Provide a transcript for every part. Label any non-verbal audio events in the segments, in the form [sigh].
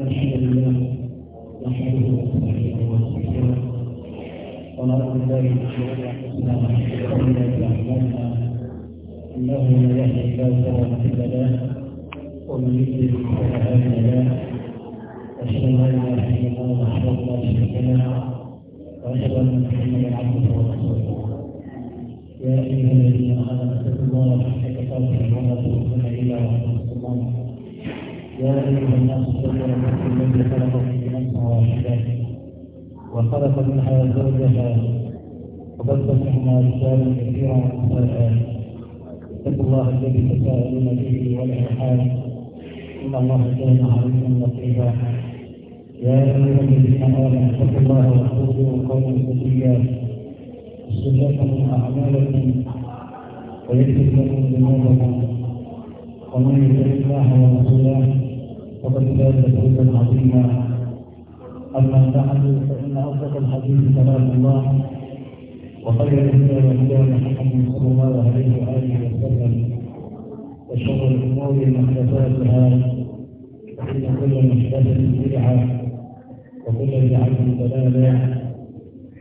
إنه من يهدي الله فلا مضل ومن يضلل فلا هادي له أشهد أن لا إله إلا الله وحده لا شريك له وأشهد أن محمدا عبده ورسوله يا أيها الذين آمنوا اتقوا الله حق تقاته ولا تموتن إلا وأنتم يا أيها الناس اتقوا ربكم الذي خلقكم من نفس واحدة وخلق منها زوجها وبث منهما رجالا كثيرا ونساء اتقوا الله الذي تساءلون به والأرحام إن الله كان عليكم رقيبا يا أيها الذين آمنوا اتقوا الله وقولوا قوما سديا يصلح لكم أعمالكم ويكتب لكم ذنوبكم ومن يطع الله ورسوله وقد فاز فوزا عظيما اما بعد فان اصدق الحديث كلام الله وخير الهدى هدى محمد صلى الله عليه واله وسلم وشر الامور محدثاتها فان كل محدثه بدعه وكل بدعه ضلاله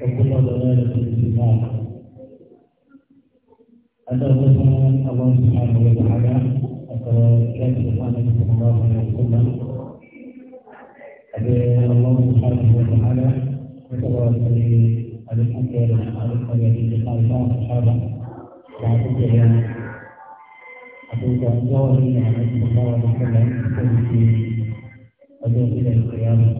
وكل ضلاله في النار أدركنا الله سبحانه وتعالى كان سبحان صلى الله عليه وسلم الله سبحانه وتعالى وتبارك عليكم خير عليكم الذي لقاء الله الصحابة وعطوك يا عطوك الظاهر عليه صلى الله عليه وسلم في أدوة إلى القيامة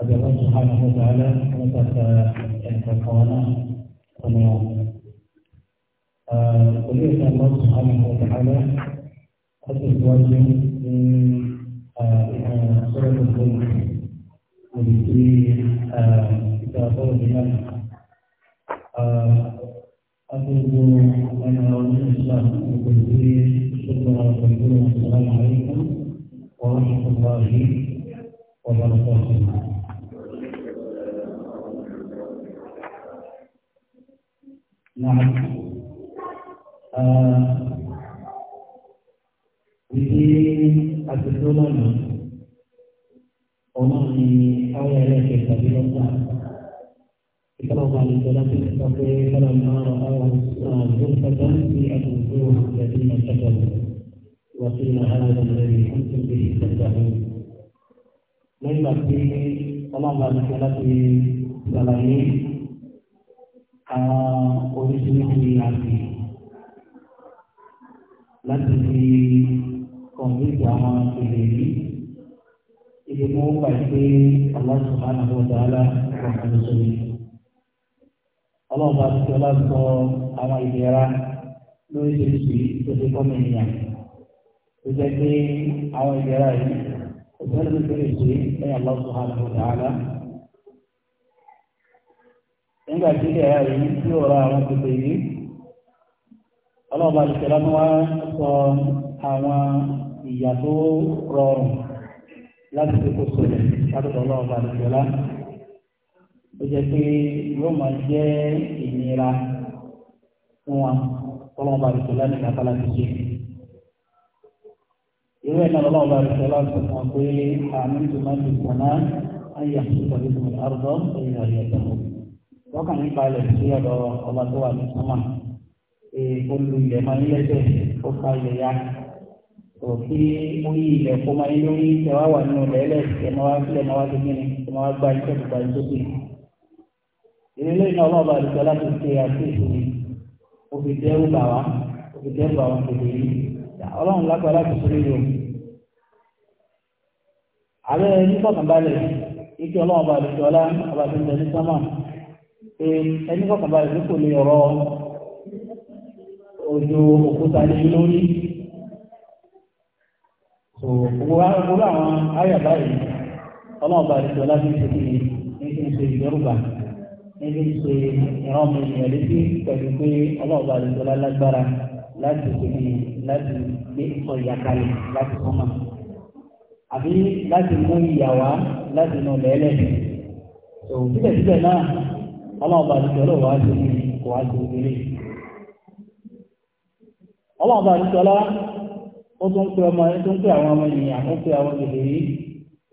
أبي الله سبحانه وتعالى وتعالى أن تكون oleh Allah Subhanahu wa taala atas wajib di surah al-Qur'an di kita tahu dengan Aku mengenal Islam berdiri setelah berdiri Assalamualaikum warahmatullahi wabarakatuh. هذا الذي كنتم به تدعون lẹ́yìnbà tí ọlọ́mọba nìkan láti ṣàlàyé àwọn oríṣiríṣi àti láti fi kọ̀ǹpútà àwọn ìlè yìí ibi mú pàṣẹ aláṣọ àlàbọ̀dà alá ìkàkọ̀lọ́sọ yìí. ọlọ́mọba nìkan láti sọ àwọn ìlera lóríṣiríṣi tó ti kọ́ mẹ́rin yàtọ̀. ó jẹ́ pé àwọn ìgbéra Allah subhanahu wa ta'ala. nígbà tí ilé ẹ̀yà yìí tí ó ra irú ẹ̀ náà lọ́wọ́ bá rẹ̀ lọ́wọ́ sọ fún pé àmì ìtumọ̀ ti sọ̀nà ayé àtúntò ìtumọ̀ àrùdọ́ ẹ̀yìn ọ̀rẹ́ ẹ̀dọ́. lọ́kàn nípa ilẹ̀ sí ọ̀dọ̀ ọba tó wà ní sọ́mà olú ilẹ̀ kó máa ń lórí tẹ wà nínú ilẹ̀ ẹlẹ́ tẹ wá sílẹ̀ máa wá sí kíni wá gba iṣẹ́ tó gba iṣẹ́ sí. ọlọ́ọ̀bà àdìsọ́lá ti ṣe àti ìṣòro òfìdẹ́rù bà wá òfìdẹ́rù bà wá kò lè rí ọlọ́run lápá láti sórí rẹ̀ ààrẹ nífọ̀kànbalẹ̀ ike ọlọ́run ọba àdìsí ọlá ọba àti ìjọ ní sámà ẹni fọ̀kànbalẹ̀ tó kò lè ọ̀rọ̀ òjò òkúta lórí àwọn báyìí ọba àdìsí ọlá ti ní kí n ṣe ìdẹ́rùbà ní kí n ṣe pẹ̀lú pé ọlọ́run ọba àdìsí ọlá láti tóbi láti gbé ọ̀yà kalẹ̀ láti sọ́mà àbí láti mú ìyàwó láti nù lẹ́lẹ̀ tó síbẹ̀síbẹ̀ náà ọlọ́ọ̀bà àdìsọ́lọ̀ wà á tóbi kò wá tóbi lé ọlọ́ọ̀bà àdìsọ́lá ó tún pé ọmọ ẹ tó ń pé àwọn ọmọ ènìyàn ó pé àwọn èdè yìí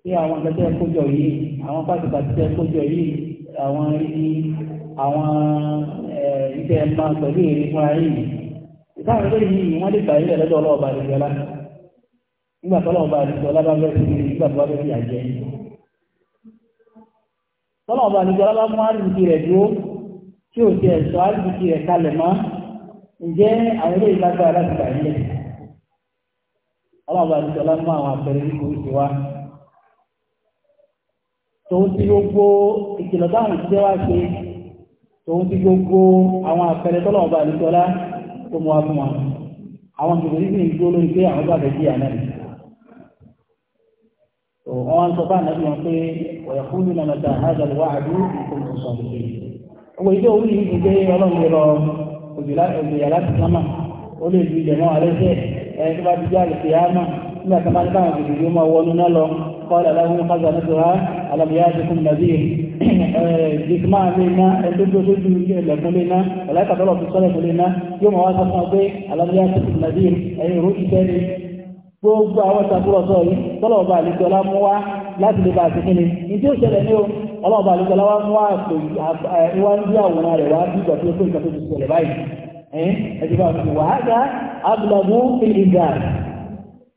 pé àwọn akẹ́kẹ́ kójọ yìí àwọn pàtàkì kójọ yìí àwọn ibi àwọn ẹ̀ iṣẹ́ máa pẹ̀lú èrè fún ayé yìí. láàrin lórí yìí wọ́n lè tàyè rẹ̀ lọ́dọ̀ ọlọ́ọ̀bà àdìsọ́lá nígbà tọ́lọ́ọ̀bà àdìsọ́lá bá fẹ́ fi nígbà tó bá fẹ́ fi àjẹ́ tọ́lọ́ọ̀bà àdìsọ́lá bá mú àdìsí rẹ̀ dúró tí ti ẹ̀sọ́ rẹ̀ kalẹ̀ mọ́ ǹjẹ́ àwọn ilé ìlágbára láti mú àwọn àpẹẹrẹ wa tòun ti gbogbo ìkìlọ̀ táwọn òṣìṣẹ́ wá ṣe tòun ti gbogbo àwọn kó mú wa fún wa àwọn kìkìrì sì ń dúró a pé àwọn gbàgbé sí ànábì tó wọn wá ń sọ fún ànábì wọn pé ọ̀yọ̀ fún mi nígbà tó máa ń báwọn òbí yóò máa wọnú náà lọ kọ́lá láwọn ọmọkàzà ní tòhá alamiyájikun nàbíyè jìkìmá léná ẹgbẹ́gbẹ́sójú ẹlẹ́kùn léná ọ̀làkàtọ́lọ̀ tó sọ́lẹ̀kùn léná yóò máa wá sọ fún ọ pé alamiyájikun nàbíyè ẹ̀yìn rú ìfẹ́ ni gbogbo àwọn ìtàkùrọ̀sọ yìí tọ́lọ̀ ọba àlejòlá mú wá láti lè bá a ti kí ni ní tí ó ṣẹlẹ̀ ní o ọlọ́ọ̀ba àlejòlá wá mú wá ń bí àwòrán rẹ̀ wá bí ìgbà tó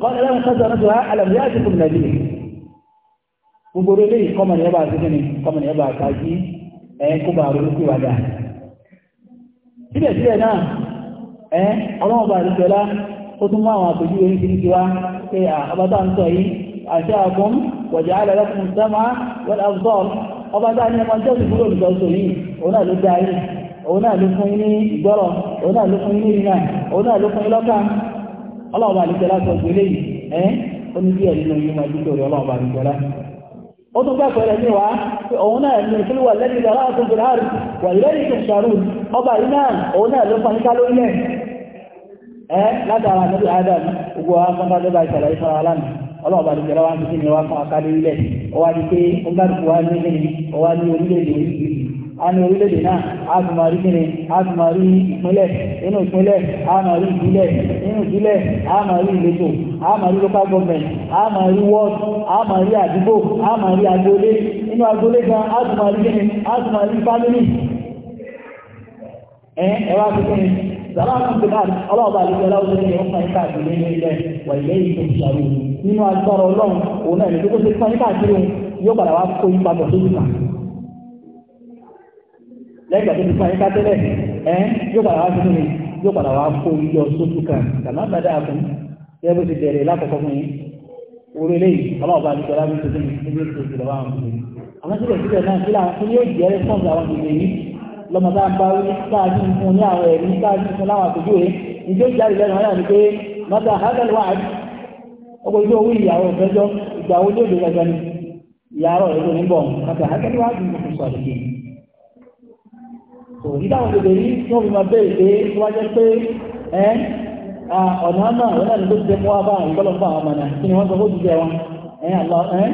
قال لهم خزنتها ألم يأتكم نذير gbogbo eléyìí kọ́mọ ní ọba àtúntò ní kọ́mọ ní ọba àtàkì ẹ̀ kó bá ronúkú wà dáa síbẹ̀síbẹ̀ náà ẹ̀ ọlọ́mọba àdìsọ́lá ó tún mú àwọn ọlọ́ọ̀bà àlùjọ́lá sọ pé léyìí ẹ́ ó ní díẹ̀ nínú yìí máa dúpẹ́ rẹ̀ ọlọ́ọ̀bà àlùjọ́lá ó tún gbàgbọ́ rẹ̀ ní wa pé òun náà ní ìfúlù wà lẹ́yìn ìlọ́lá àtún fi láàrú wà ìrẹ́lì tó adam gbogbo wa fún bá bá ìṣàlàyé fún wa lánàá ọlọ́ọ̀bà àlùjọ́lá wa ń fi ní wa fún akálé ilẹ̀ ó wá ní a orílẹ̀-èdè náà a ti máa rí kíni a ti rí ìpínlẹ̀ inú ìpínlẹ̀ a máa rí ìpínlẹ̀ inú ìpínlẹ̀ a máa rí ìletò a máa rí local government a máa rí ward a máa rí àdúgbò a máa rí agboolé inú agboolé gan a ti rí kíni a rí family wá kíni sàlámù ọlọ́ọ̀bà àti ìjọba ni wọ́n wà ilé nínú agbára ọlọ́run òun náà ní kókó yóò padà wá lẹ́gbẹ̀ẹ́ tó ti fún ayíká tẹ́lẹ̀ ẹ́ yóò padà wá sínú mi yóò padà wá kó yíyọ sókú kan kàmá gbàdá fún yẹ bó ti bẹ̀rẹ̀ lákọ̀ọ́kọ́ fún yín orí eléyìí tó àwọn ọmọdé síbẹ̀ síbẹ̀ náà yóò jẹ́ àwọn ọmọdé yìí lọ́mọ bá ń bá wí fún ní àwọn fún láwọn àtòjú rẹ̀ ìjọ ìjáde lẹ́nu pé wà ọkọ̀ kò ní dáwọn bèbè rí tí wọ́n fi máa bẹ́ẹ̀ pé tó wájẹ́ pé ẹ́ ọ̀nà náà wọ́n náà ló ti mú wá bá àwọn ìgbọ́lọ̀ fún àwọn ọmọ náà kí ni wọ́n sọ fún jíjẹ wọn ẹ́ àlọ́ ẹ́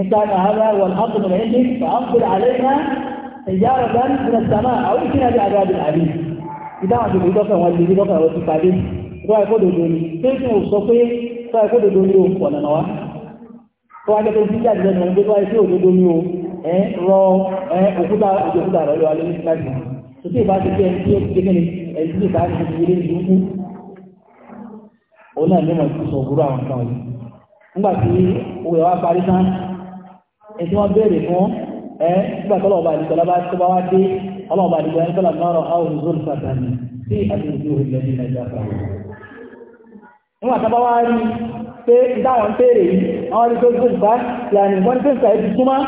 ń ká ní àárá wọn ápùn ní ẹ̀yìn fà á ń pè àlẹ́ iná ìyá rẹ̀ bá ń sinà sàmà àwọn ìkíni àti àgbà àbí àbí ìdáwọn bèbè dọ́kàn wọn ẹ rọ ẹ òkúta òkúta rẹ lọ alẹ́ nípa ìgbà tó tí ìbá ti kí ẹni tí ó ti kékeré ni ẹni tí ìbá ti kékeré ni ó náà ní wọn sọ òwúrọ̀ àwọn kan yìí nígbà tí òwe wa parí tán ẹni tí wọ́n béèrè nígbà tó bá wá rí pé dáwọn tèrè yìí àwọn rí tó gbé ìgbà yàní wọ́n tó ń sàyẹ́ ti súnmọ́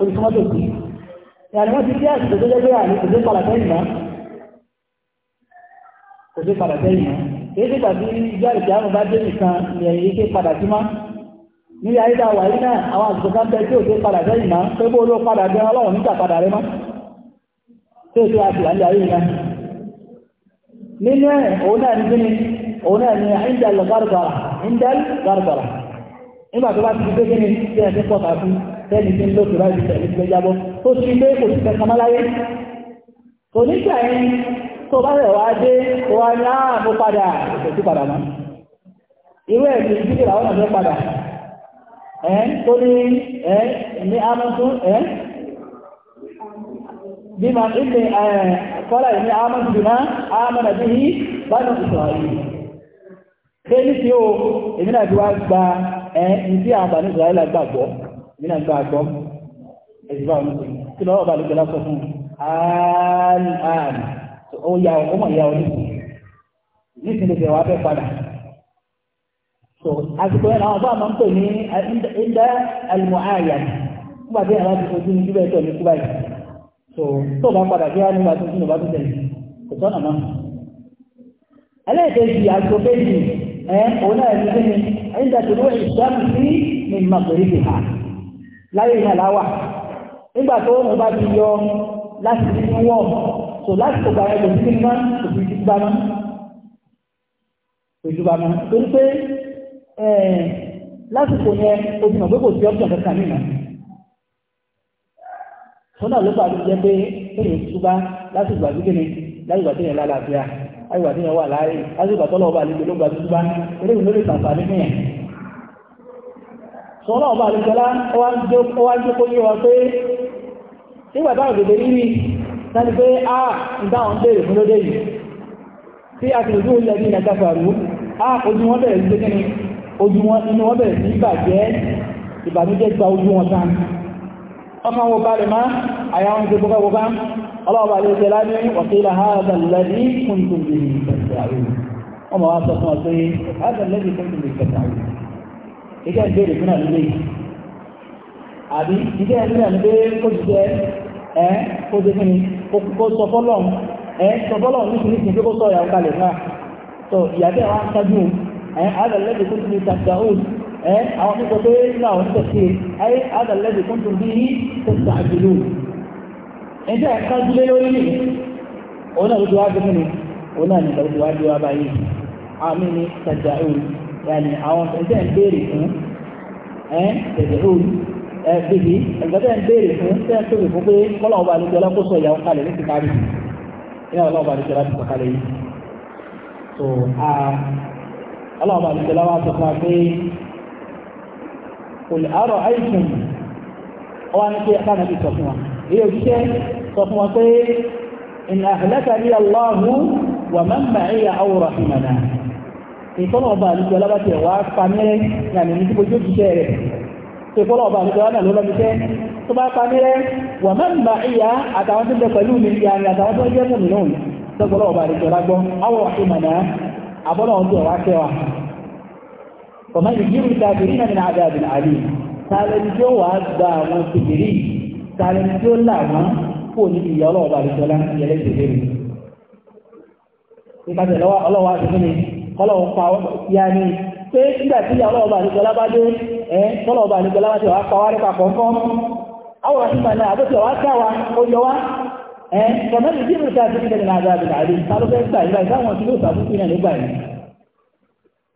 olùsúnmọ́ tó sí yàní wọ́n ti rí àsìkò tó jẹ́ pé àní kò sí padà sẹ́yìn mọ́ kò sí padà sẹ́yìn mọ́ kì í sì gbà sí ìjọ àlùkò àrùn bá dé nìkan ìyẹ̀yìn ike padà sí mọ́ ní ayé dá wà yìí náà àwọn àsìkò kan bẹ tí ò sí padà sẹ́yìn mọ́ pé bó padà gan ọlọ́run nígbà padà rẹ mọ́ tí ò sí àtìlá ní nínú ẹ̀ òun náà ní kíni òun náà ní ìdàlẹ̀ gàrgàrà ìdàlẹ̀ gàrgàrà nígbà tó bá ti gbé kíni tí ẹ̀ ti pọ̀ kà fún tẹ́lì tí ń lò tìrá ìdíjẹ̀ ìdíjẹ̀ jábọ́ tó ti gbé kò sí kẹta máláyé kò ní kí àyín tó bá rẹ̀ wá dé wá ní ààbò padà ìṣẹ̀tí padà mọ́ irú ẹ̀ ti gbé ìràwọ̀ náà fẹ́ padà ẹ̀ tó ní ẹ̀ ní amọ́tún ẹ̀ bí ma ń kọ́lá ìní àmàdùnà àmàdùnà bí bánà ìsọ̀rọ̀ pé ní tí ó èmi náà ti wá gba ẹ ní tí àwọn bàánú ìsọ̀rọ̀ ìlà gbàgbọ́ èmi náà gba àgbọ́ ẹ̀sìnbá ọmọ tí lọ́wọ́ bá lùgbẹ́lá sọ fún ààrùn ó yà ọmọ ìyá ọ nísìnyí lè fẹ́ wá fẹ́ padà so àsìkò yẹn àwọn bá máa ń pè ní ẹ̀ńdá àlùmọ́ àyà nígbà tí àwọn ti fojú ní bíbẹ̀ ní kúbáyìí tó tó bá padà bí wọ́n nígbà tó tún bá tó tẹ̀lé kò tọ́nà náà. ẹlẹ́ẹ̀kejì àgbo méjì ẹ̀ òun náà ẹni pé ẹ̀yìn dàtò ló ìsọ́nù sí ní màgbèrè ti hà láyé ìhà láwà nígbà tó wọn bá ti yọ láti ní wọ́n tó láti kó gbàgbé kò sí ní má kò sí ti gbá kò sí gbá torí pé lásìkò yẹn o ti mọ̀ pé sí ọ́pṣọ̀n kankan wọn náà ló fà jẹ́ pé kéèyàn túbá láti ìgbà tí kéèyàn láti ìgbà tí yẹn lálàáfíà láti ìgbà tí yẹn wà láàyè láti ìgbà tọ́lọ́ ọba àlejò ló gba túbá eléyìí ló lè tàfà nínú yẹn. sọ́nà ọba àlejòlá ó wá ń jẹ́ kó yé wa pé nígbà táwọn òdòdó rírì láti pé a ń dáhùn béèrè fún lóde yìí tí a sì lójú ilẹ̀ ní ìdàgbàrú a ojú wọn bẹ̀rẹ̀ sí ojú wọn inú wọn bẹ̀rẹ̀ sí ìbàjẹ́ ọkàn wo balẹ̀ máa àyà ń gbogbo gbogbo ọlọ́ọ̀bà lè jẹ́ láti wàkílà hádà lẹ́bí kúntùn bí ìfẹ̀sàrí ọmọ wa sọ fún ọ pé hádà lẹ́bí kúntùn bí ìfẹ̀sàrí ìjẹ́ ìbéèrè fún àlúlé àbí ìjẹ́ ìbéèrè àlúlé kó jẹ́ ẹ́ kó jẹ́ kí ni kó sọ fọ́lọ̀ ẹ́ sọ fọ́lọ̀ ní àwọn tó sọ pé nínú àwọn tó ṣe ayé adàlẹ́dì kún tó bí ní tó sọ àjùlù ẹjẹ́ àkájúlé lórí ní òun náà ló ti wá gbé fún mi òun náà ní ìgbàlódé wá gbé wá báyìí àmì ní tàjà òun yàní àwọn ẹjẹ́ ń béèrè fún ẹ tẹ̀lé òun ẹ bèbí ẹgbẹ́tẹ̀ ń béèrè fún tẹ́ẹ̀ tó lè fún pé kọ́lá ọba àlejò ọlọ́kọ́sọ ìyàwó kalẹ̀ ní ti kárí ní ọlọ́ ọba àlejò ọlọ́kọ́sọ kalẹ̀ yìí so ọlọ́ ọba àlejò ọlọ́kọ́sọ kalẹ̀ yìí kul ara'aytum ọwọ́ ní pé ẹ̀ká nàbí sọ fún wa ilé òjíṣẹ́ sọ fún wa pé in ahlakani Allahu wa man ma'iya aw rahimana ìtọ́nà ọba àlùkò alábàtì ẹ̀wà pamẹ́rẹ́ ní àmì ní kíkójú òjíṣẹ́ rẹ̀ ìtọ́nà ọba àlùkò alábàtì ẹ̀wà lọ́lọ́míṣẹ́ tó bá pamẹ́rẹ́ wa man ma'iya àtàwọn tó ń bẹ pẹ̀lú mi ìyá ni àtàwọn tó ń jẹ́ mọ̀mí náà tọ́gbọ́n ọba àlùkò alágbọ́n awọ̀ rahimana àbọ́nà ọdún ẹ̀wà kẹwàá ọmọ ìjírù tàbírí náà nínú àdáàbì àrí tààlẹ́ni tí ó wà gba àwọn tìbírí tààlẹ́ni tí ó là wọ́n kò ní ìyá ọlọ́ọ̀bà àdìsọ́lá ìyẹlẹ́ ìdèbèrè ìpàtẹ̀ ọlọ́wọ́ àdìsọ́lá ya ni pé nígbà tí ìyá ọlọ́ọ̀bà àdìsọ́lá bá dé ẹ́ tọ́lọ́ọ̀bà pa wa ó yọ gbà ti náà nígbà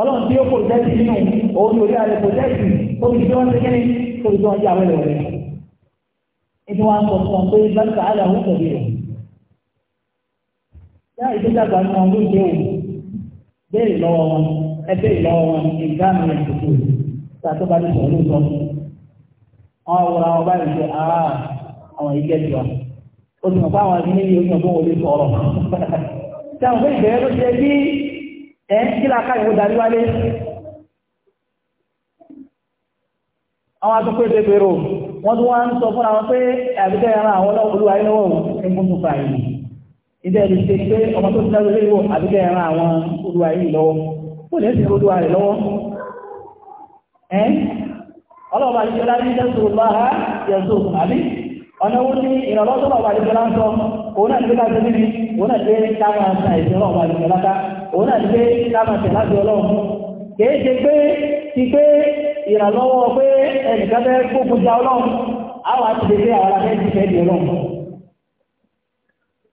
ọlọ́run tí ó kò jẹ́sì nínú òun ní orí ààrẹ kò jẹ́sì ó fi jọ́ ṣe kíni kò jọ ọjà wẹ́lẹ̀ rẹ̀ inú wa sọ pé lọ́sà àlẹ́ àwọn òṣèlú rẹ̀ yá ìdíjà gbà ní ọdún ìdí òun béèrè lọ́wọ́ wọn ẹ béèrè wọn ìgbà rẹ̀ tuntun tá a sọ̀rọ̀ ló wọn wọra wọn báyìí pé ah, àwọn yìí ti mọ̀ pé àwọn ẹni [laughs] ẹ̀ kí láká ìwò darí wálé àwọn atọ́kọ́ èdè bèrò wọ́n tún wá ń sọ fún àwọn pé àbíkẹ́ ara àwọn olúwa ilẹ̀wọ̀ ẹgbùnkùn fàáyì ilé ẹni ṣe pé ọmọ tó ti dá lórí ìwò àbíkẹ́ ara àwọn olúwa yìí lọ́wọ́ kò lè sin olúwa rẹ̀ lọ́wọ́ ẹ́ ọlọ́ọ̀bá yìí ọlá ní jẹ́sùn lọ́ha ọ̀nà wo ni ìrànlọ́ sọ̀rọ̀ ọba àdìgbò òun náà ní ká níbi òun náà ìṣẹ́ ọba àdìgbò òun náà ṣe ká máa tẹ̀ láti ọlọ́run kìí ṣe pé ti pé ìrànlọ́wọ́ pé ẹnìkan fẹ́ gbógun ja ọlọ́run àwọn àti lè fẹ́ àwọn aláfẹ́ ti fẹ́ di ọlọ́run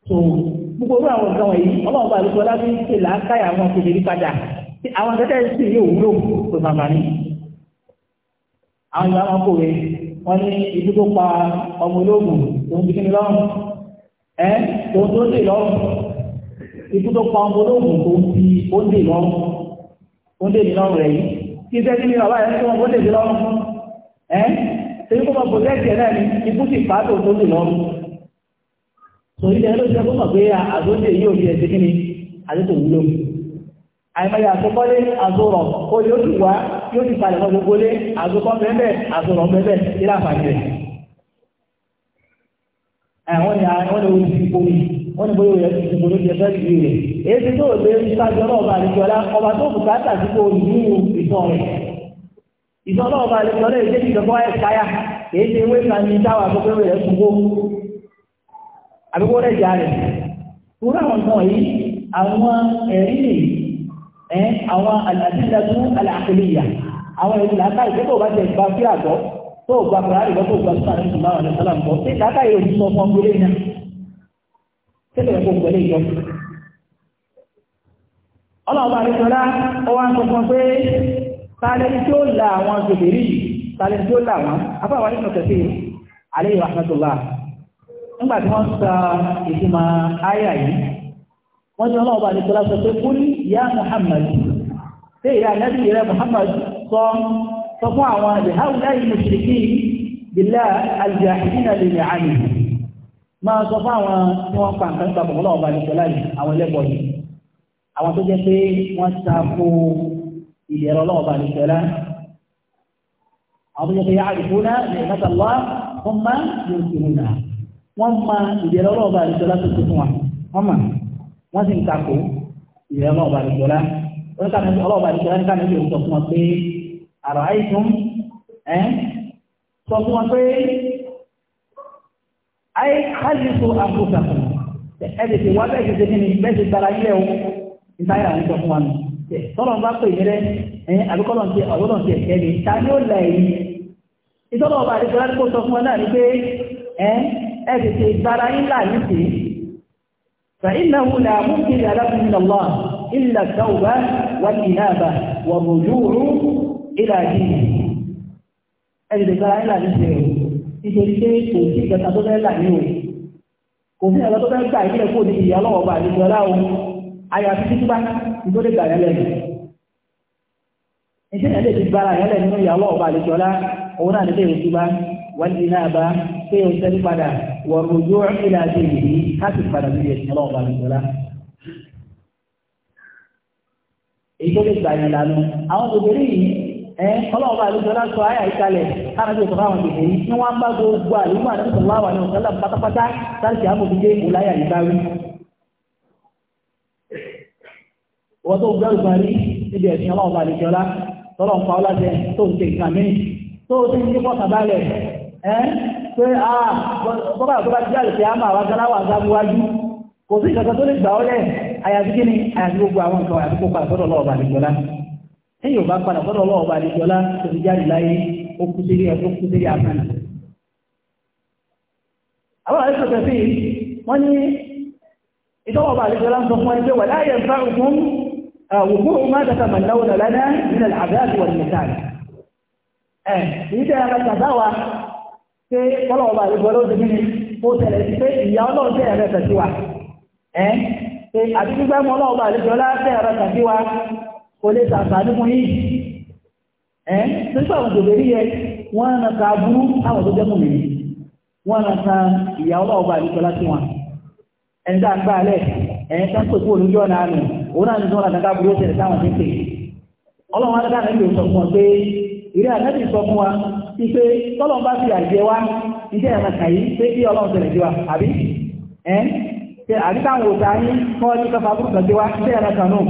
tó gbogbo orí àwọn nǹkan wọ̀nyí ọlọ́run ṣe àwọn wọ́n ní ibi tó pa ọmọ ológun tó ń bikini lọ́rùn ẹ́ tó ń tó dè lọ́rùn ibi tó pa ọmọ ológun tó ń fi ó dè lọ́rùn ó dè ní lọ́rùn rẹ̀ yìí kí iṣẹ́ kí ni bàbá yẹn tó wọn ó dè ní lọ́rùn ẹ́ torí kó máa pòtẹ́ẹ̀tì ẹ̀ náà ni ikú sì pa tó tó dè lọ́rùn torí ẹ̀ ló ṣe kó mọ̀ pé àdóńdè yìí ò fi ẹ̀ sí kí ni àdóńdè wúlò àìmọye àtọ́kọ́lé yóò ti palẹ̀ mọ́ gbogbo lé àzọkọ́ mẹ́mẹ́ àzọrọ̀ mẹ́mẹ́ nílá àfààní rẹ̀. àwọn ni àwọn ni orí ti bomi wọ́n ní bóyá òyìnbó ti bomi jẹ fẹ́ ju rẹ̀ èyí ti tó lé ìsájọ náà bá àlejòọlá ọba tó kù káàtà sí kó nínú ìtàn rẹ̀ ìtàn náà bá àlejòọlá èyí ti dọ̀bọ́ ẹ̀ káyà èyí ti wé kan ní táwa tó pé rẹ̀ kúgbó àbíkó rẹ̀ jà rẹ̀. wúrọ̀ àwọn nǹkan yìí àwọn ẹ̀rí nìyí ẹ àwọn àdìdàdú àlàkìlìyà àwọn ẹ̀rù làákà ìgbẹ́kọ̀ bá tẹ̀ gba fí àgọ́ tó gba fúlàrí lọ́tọ̀ gba fúlàrí tó máa wà lọ́sọ́lá ńkọ́ ṣé làákà yóò ti sọ fún ọgbẹ́lẹ́ náà tẹ́lẹ̀ kó gbẹ́lẹ́ yọ. ọlọ́ọ̀bá àdìsọ́lá ó wá ń sọ fún pé tálẹ́ni tí ó la àwọn gbèbèrè yìí tálẹ́ni tí ó la wọn afáwọn nínú kẹfì alayhi rahmatullah nígbà tí wọ́n sa ìtumọ̀ áyà yìí wọ́n ní ọlọ́ọ̀bá ní tọ́lá sọ pé fún ya Muhammad tí ìyá anábì rẹ̀ Muhammad sọ sọ fún àwọn ìhàwù láì mùsùlùmí bílá aljahidina lè ní àmì máa sọ fún àwọn tí wọ́n pa nǹkan gbàgbọ́ ọlọ́ọ̀bá ní tọ́lá yìí àwọn ẹlẹ́bọ̀ yìí àwọn tó jẹ́ pé wọ́n ta ko ìdẹ̀rọ ọlọ́ọ̀bá ní tọ́lá àwọn tó jẹ́ pé yára ìfúnná ní ìmọ̀tàlá wọ́n máa yóò ti máa ìdẹ̀rọ ọlọ́ọ̀bá ní tọ́lá tó ti fún wa wọ́n máa wọ́n sì ń takò ìrẹ́ ọlọ́ọ̀bà àdìjọ́lá wọ́n ká nàbí ọlọ́ọ̀bà àdìjọ́lá ní káàmì yóò sọ fún wọn pé àrọ̀ àìsùn ẹ̀ sọ fún wọn pé ayé kájíṣu àbúkàkùn ẹ tètè wá bẹ́ẹ̀ tètè nínú bẹ́ẹ̀ ti tara ilẹ̀ o ìtayà ń sọ fún wa nù tọ́lọ̀ bá pè yẹrẹ ẹ̀ àbíkọ́lọ̀ ti ọ̀lọ́dọ̀ ti ẹ̀kẹ́ ni tètè gbára yín là yìí فإنه لا ممكن له من الله إلا التوبة والإنابة والرجوع إلى دينه ẹ̀rẹ̀ gbára ńlá ní ṣe rẹ̀ nítorí pé kò sí ìgbẹ̀ta tó fẹ́ là ní o kò sí ìgbẹ̀ta tó fẹ́ gbà ìpínlẹ̀ kò ní ìyá ọlọ́wọ́ bá àdìsọ ọlá àyàfi títí bá ìgbóde gbà yẹn lẹ́nu ìṣẹ̀lẹ̀ lè yẹn lẹ́nu ìyá ọlọ́wọ́ bá àdìsọ ọlá òun náà nílé ìrètí bá wàlínáàbá pé o sẹ́ni padà wọ̀rọ̀ ojú ìlà àti ìdí káàtì padà sí ẹ̀sìn ọlọ́ọ̀bà nìjọba. èyí tó lè gbàyàn lánàá àwọn obìnrin yìí ẹ ọlọ́ọ̀bà nìjọba sọ ayà ìkàlẹ̀ káàtì tó fáwọn bèbè yìí ni wọ́n bá gbogbo àlùmọ́ àdàbọ̀sọ̀láwà ní ọ̀sán làbù pátápátá láti àmọ̀bíjé ìwòláyà ìbáwí. wọ́n tó gbẹ́rù kan rí níbi ń pa ọ́ láti tó pé àà ah, bọ́bá àtọ́bá jẹ́ àlùfẹ́ àmà àwọn agbáláwà sáwájú kò sí ìkàkọ́ tó lè gbà ọ́ lẹ̀ àyàfi kí ni àyàfi gbogbo àwọn nǹkan àyàfi kó padà sọ́dọ̀ ọlọ́ọ̀bà àdìjọ́lá tí yóò bá padà sọ́dọ̀ ọlọ́ọ̀bà àdìjọ́lá tó ti jáde láyé ó kú sí ó kú sí àmàlà. àwọn àyẹ̀sọ̀ tẹ̀sí wọ́n ní ìtọ́wọ̀bà àdìjọ́lá ń sọ fún wọn wà láyé ń fa òkun وقوع ما تتمنون لنا من العذاب والمثال إذا ما تداوى pé bọ́lá ọba àlejò ọlọ́dún mi ni ó tẹ̀lé sí pé ìyá ọlọ́run tẹ̀lé rẹ̀ tẹ̀sí wa ẹ́ pé àti gbígbá mọ́ ọlọ́run ọba àlejò ọlá tẹ̀lé rẹ̀ tẹ̀sí wa kò lè sàǹfààní fún yìí ẹ́ nígbà àwọn òbèrè yẹ wọ́n ń ka burú àwọn tó jẹ́ mọ̀ mí wọ́n ń ka ìyá ọlọ́run ọba àlejò ọlá sí wọn ẹni tá a gbá alẹ́ ẹni a pè fún olùjọ́ náà nù òun náà ní sọ́wọ́n àtàkà burú ó tẹ̀lé táwọn ti ń pè sọ fún wa ipe tọ́lọ́n bá fi àjẹ wá iṣẹ́ ẹ̀rọ kàyí pé kí ọlọ́run tẹ̀lẹ̀ jẹ wa àbí ẹ́ pé àbí táwọn òta ní kọ́ ní kọfà burúkú jẹ wa iṣẹ́ ẹ̀rọ kan náà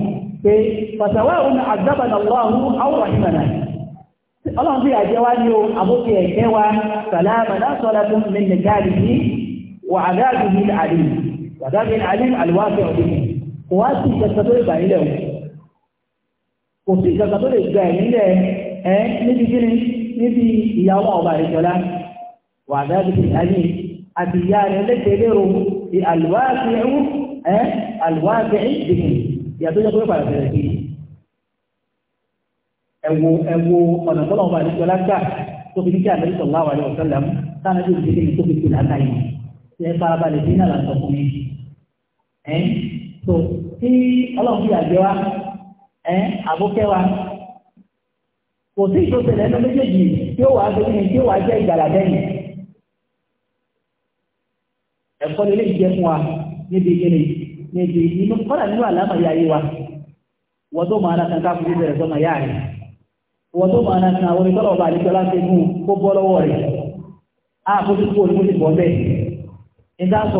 pé pàṣẹwà òun àdábàdà lọ́hùn àwọn ìmọ̀nà ọlọ́run fi àjẹ wá ní o àbókè ẹ̀kẹ́ wa sàlámà lásọ̀rọ̀ tó ń lè gáàlì ní wà àdáàbì ní àlè àdáàbì ní àlè àlùwàfẹ́ òde kò níbi ìyàwó ọba àríjọlá wà dábìlì ayé àti ìyá rẹ̀ lẹ́tẹ̀ẹ́lẹ́rò ti àlùwáàbẹ̀ẹ́wò ẹ́ àlùwáàbẹ̀ẹ́ dìbò ìyàtọ̀ jẹ́ pé pàrọ̀ bẹ̀rẹ̀ sí ẹ̀wò ẹ̀wò ọ̀nà tọ́lọ̀ ọba àríjọlá gbà tó fi ní kí àlẹ́ sọ̀rọ̀ àwọn àríwọ̀ sọ́lá táwọn ẹgbẹ́ òṣèlú tó fi kúlà láyé ṣe farabalẹ̀ sí náà lásán fún kò sí ìṣòṣèlè ẹnu méjèèjì tí ó wàá gbé ní tí ó wàá ìgbàlá lè fún wa níbi kíni níbi inú nínú wa wọ́n tó máa nàkan káfí ní bẹ̀rẹ̀ sọ́mà yáà rẹ̀ tó máa nàkan àwọn ìtọ́lọ̀ ọba àdìjọ́ láti mú kó bọ́ lọ́wọ́ rẹ̀ á kó tó kó ní kó ti bọ́ bẹ́ẹ̀ ní dá sọ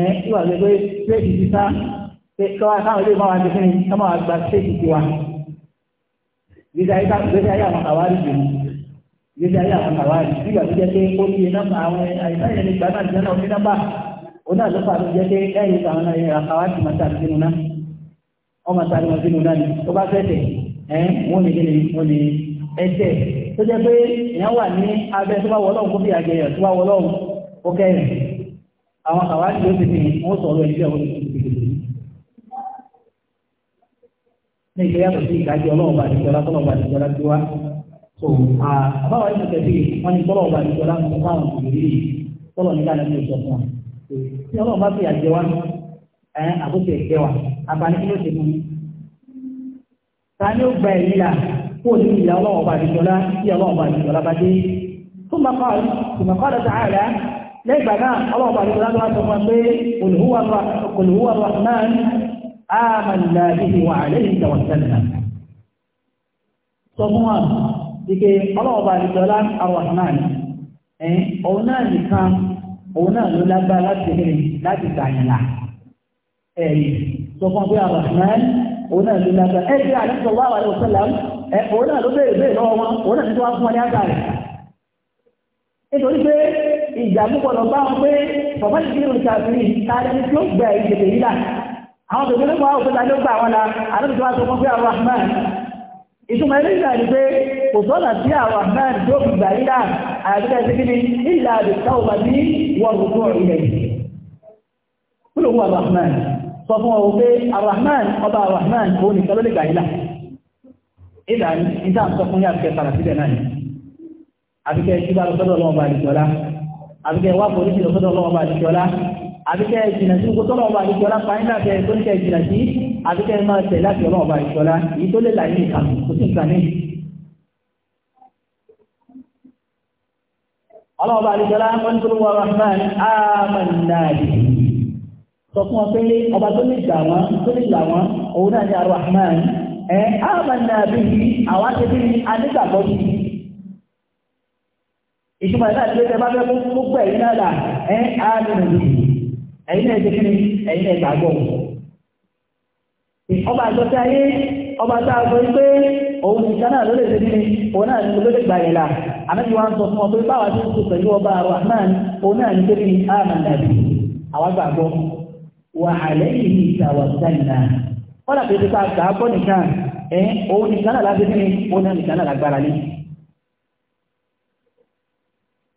ẹ̀ ìwà gbẹgbẹ́ ṣéèkì ti sá kọ́wá káwọn ilé máa wá ti fún mi ká máa gba ṣéèkì ti wa gbèsè ayé àwọn àwárí jù gbèsè ayé àwọn àwárí nígbà tó jẹ́ pé ó ní iye nọ́mbà àwọn àìsàn yẹn ní ìgbà náà jẹ́ náà ó ní nọ́mbà òun náà ló fà ló jẹ́ pé ẹ̀yìn ìgbà àwọn àwárí máa tà sínú náà wọ́n máa tà sínú náà ni tó bá fẹ́ tẹ̀ ẹ̀ wọ́n ní kíni wọ́n ní ẹ̀jẹ̀ tó jẹ́ pé èèyàn wà ní abẹ́ tó bá wọlọ́hùn kó bí àjẹyọ̀ tó bá wọlọ́hùn ó kẹ́yìn àwọn àwárí ló ti fi wọ́n sọ̀rọ̀ ẹgbẹ́ ọ̀rọ̀ ìgbìgbìgbì ní ìgbé yàtọ̀ sí ìdájọ́ ọlọ́ọ̀bà àdìjọ́lá tọ́lọ̀bà àdìjọ́lá tí wá so àbáwá yìí tẹ̀sí wọ́n ní tọ́lọ̀bà àdìjọ́lá ń fún àwọn ìgbìgbì tọ́lọ̀ nígbà náà ní ìjọ fún wa tí ọlọ́ọ̀bá fi àjẹ wa ẹ̀ àbúkẹ́ ẹ̀jẹ̀ wa àbáni kí ló ti fún ta ni ó gba ẹ̀mí là kó o ní ìyá ọlọ́ọ̀bà àdìjọ́lá tí ọlọ́ọ̀bà àdìjọ́lá bá dé tó máa kọ́ lẹ́gbà náà ọlọ́ọ̀bà ní ọlọ́dọ́ láti pé olùhúwà rahman wà lẹ́yìn sọ fún wa ike ní òun náà nìkan òun náà ló láti láti ẹ̀yìn sọ fún wa òun náà ló òun náà ló bẹ̀rẹ̀ lọ́wọ́ wọn òun náà ti wá fún ní nítorí pé ìjà púpọ̀ lọ bá wọn pé bàbá ìdílé òṣàfihàn ìtàrí tí ó gbà ìdèdè yìí là àwọn òṣèlú nípa òṣèlú ló gbà wọn la àdókòtò wa sọ fún pé àwọn ahmed ìtumọ̀ ilé ìjà ni pé kò sọ́nà sí àwọn ahmed tó fi gbà yìí là àyàtúkẹ́ sí kíni ìlà àdìsá òbá ní wọn kò tó ilẹ̀ yìí kí ló wù àwọn ahmed sọ fún ọ pé àwọn ahmed ọba àwọn ahmed òun nìkan ló lè gbà yìí là ìlànà àbíkẹ́ ìjúbà lọ́sọ́dọ̀ ọlọ́wọ́ bá àdìjọ́lá àbíkẹ́ wà polisi lọ́sọ́dọ̀ ọlọ́wọ́ bá àdìjọ́lá àbíkẹ́ ìjìnà sí gbogbo tọ́lọ́wọ́ bá àdìjọ́lá fàáyínlá bẹ tó ń kẹ́ ìjìnà sí àbíkẹ́ máa tẹ̀ láti ọlọ́wọ́ bá àdìjọ́lá èyí tó lè là ní ìkà kò sí nǹkan ní. ọlọ́wọ́ bá àdìjọ́lá wọn tó wọ sọ fún wọn pé ọba tó lè gbà wọn tó lè là wọn òun náà ní arahman ẹ amanadi àwọn àti bí i ìtumọ̀ náà tí ó tẹ́ bá fẹ́ fún gbogbo ẹ̀yin náà là ẹ́ ààrùn ìlú ẹ̀yin náà ti kíni ẹ̀yin náà gbàgbọ́ ọba àjọṣe ayé ọba tá a sọ pé òun nìkan náà ló lè ṣe kíni òun náà ló lè gbà yẹn là àmẹ́bí wa ń sọ fún ọ báwa ti ń sọ pẹ̀lú ọba Rahman òun náà ní pé kíni ààrùn dàbí àwa gbàgbọ́ wà àlẹ́ yìí ìtàwà sẹ́yìnà wọ́n làbẹ̀ẹ́ ti náà lágbára ní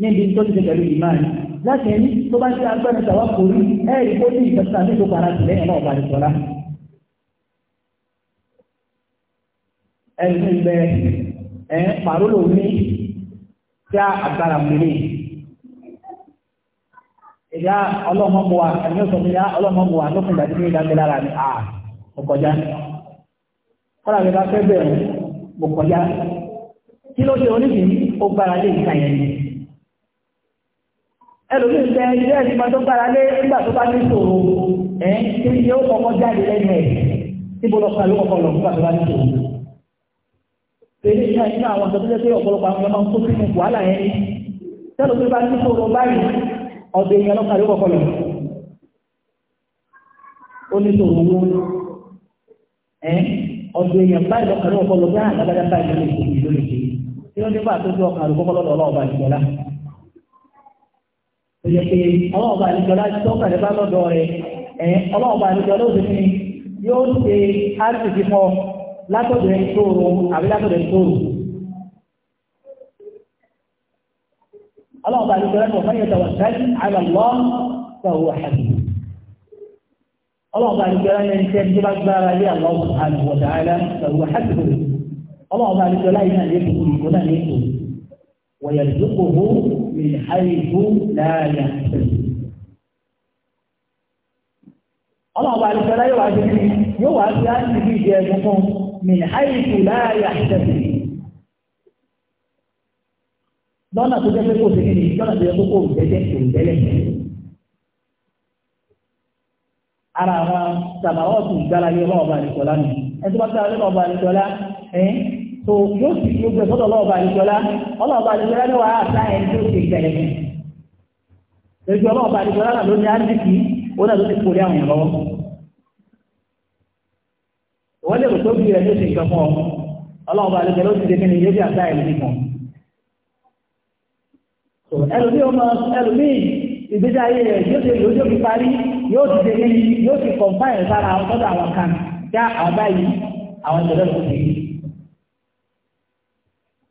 níbi tó ti pẹ̀lú ìmáàlì láti ẹni tó bá ṣe agbẹ́nu tàwa kò rí ẹ̀rí tó ní ìtọ́sí àti tó para sílẹ̀ ẹ̀rọ ọ̀bà ìṣọ́lá. ẹ̀sìn ìgbẹ́ ẹ̀ pàrólò ní tí a àgbàrà mìíràn ìyá ọlọ́mọmọwà ẹ̀mí ọ̀sọ̀ mi yá ọlọ́mọmọwà lókun ìdájí ní ìdájẹ́ lára ni à ah, ọkọjá kọ́lá mi bá fẹ́ bẹ̀rù ọkọjá kí ló ṣe oníṣìí ó gbára lé ìka yẹn ni ẹlòmí ìfẹ́ ilé ẹ̀sìn máa tó gbára lé nígbà tó bá ní ìṣòro ẹ̀ kí ni yóò kọ́kọ́ jáde lẹ́nu ẹ̀ níbo lọ sàlù kọ́kọ́ lọ nígbà tó bá ní ìṣòro. Èdè ìṣá ìṣá àwọn ọ̀dọ́ tó jẹ́ pé ọ̀pọ̀lọpọ̀ àwọn ọmọ tó sínú wàhálà yẹn ni. Tẹ́lọ̀ tó bá ní ìṣòro báyìí, ọ̀dọ̀ èèyàn lọ sàlù kọ́kọ́ lọ. Ó ní ìṣòro owó. Ẹ òyìnbó àwọn ọba àlejòlá tọ́ka rẹ̀ bá lọ́dọ̀ rẹ̀ ẹ̀ ọlọ́wọ́ ọba àlejòlá òsì ni yóò ṣe àtìsí fún ọ látọ̀dọ̀ ẹni tóoru àbí látọ̀dọ̀ ẹni tóoru. ọlọ́wọ́ ọba àlejòlá ni wọ́n yẹ tọ̀wọ̀ sáyé àlọ́ tọ̀wọ̀ àbí. ọlọ́wọ́ ọba àlejòlá ni ẹni tẹ́ni bá gbára lé àlọ́ ويرزقه من حيث لا يحتسب الله àlùfẹ́lá yóò wá sí ní yóò wá sí لا bí ìjẹ ẹ̀dùn fún mi àìsù láàyè àṣẹ́sì lọ́nà tó jẹ́ pé kò sí nínú lọ́nà tó jẹ́ pé kò jẹ́jẹ́ kò tẹ́lẹ̀ ara àwọn sàmàwọ́ọ̀tù ìgbàlá yóò lọ́ọ̀bá àlùfẹ́lá nù ẹ̀ tó bá tẹ́lẹ̀ lọ́ọ̀bá àlùfẹ́lá ẹ̀ tó yóò sì fi gbogbo sọ́dọ̀ ọlọ́ọ̀bà àdìjọ́lá ọlọ́ọ̀bà ní wàá àṣà ẹni tó ṣe ìgbẹ̀rẹ̀ lójú ọlọ́ọ̀bà náà ló ní áńdìkì ó náà ló ti kórè àwọn ìrànlọ́wọ́ wọ́n lè tó bí rẹ̀ ló ṣe nǹkan fún ọ ọlọ́ọ̀bà ó ti dé kíni yóò ẹlòmí ọmọ ẹlòmí rẹ̀ yóò ti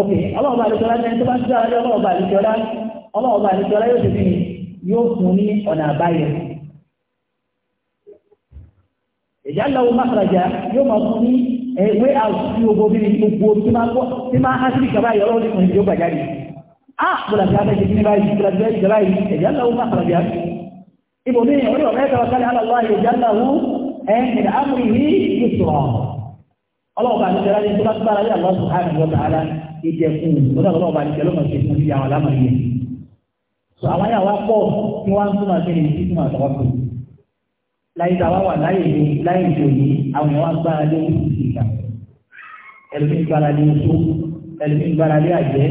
ok ọlọ́ọ̀bà àlejọ́lá ní tó bá ń dára ọlọ́ọ̀bà àlejọ́lá ọlọ́ọ̀bà àlejọ́lá yóò ṣe bíi yóò fún ní ọ̀nà àbáyọ ìjà lọ́wọ́ mákàràjà yóò máa fún ní ẹ̀wé àti gbogbo bí ní gbogbo tí máa gbọ́ tí máa há sí ìjọba ìyọ́rọ́ ní kan ìjọba jáde ah bọ́lá ti afẹ́ jẹ́kí ní báyìí ọlọ́ọ̀bà àdìsẹ́lá ní ìjọba gbára lé àwọn sùhánù lọ́dà ara ìjẹkùn lọ́dà ọlọ́ọ̀bà àdìsẹ́lá máa ṣe fún ibi àwọn alámà yẹn. sọ àwọn yà wá pọ̀ kí wọ́n á túmọ̀ sí ní ìdí túmọ̀ àtọwọ́ tó. láyé tàwa wà láyé ní láyé ìjọ yìí àwọn yà wá gbára lé oṣù ìgbà ẹlòmí gbára lé oṣù ẹlòmí gbára lé àjẹ́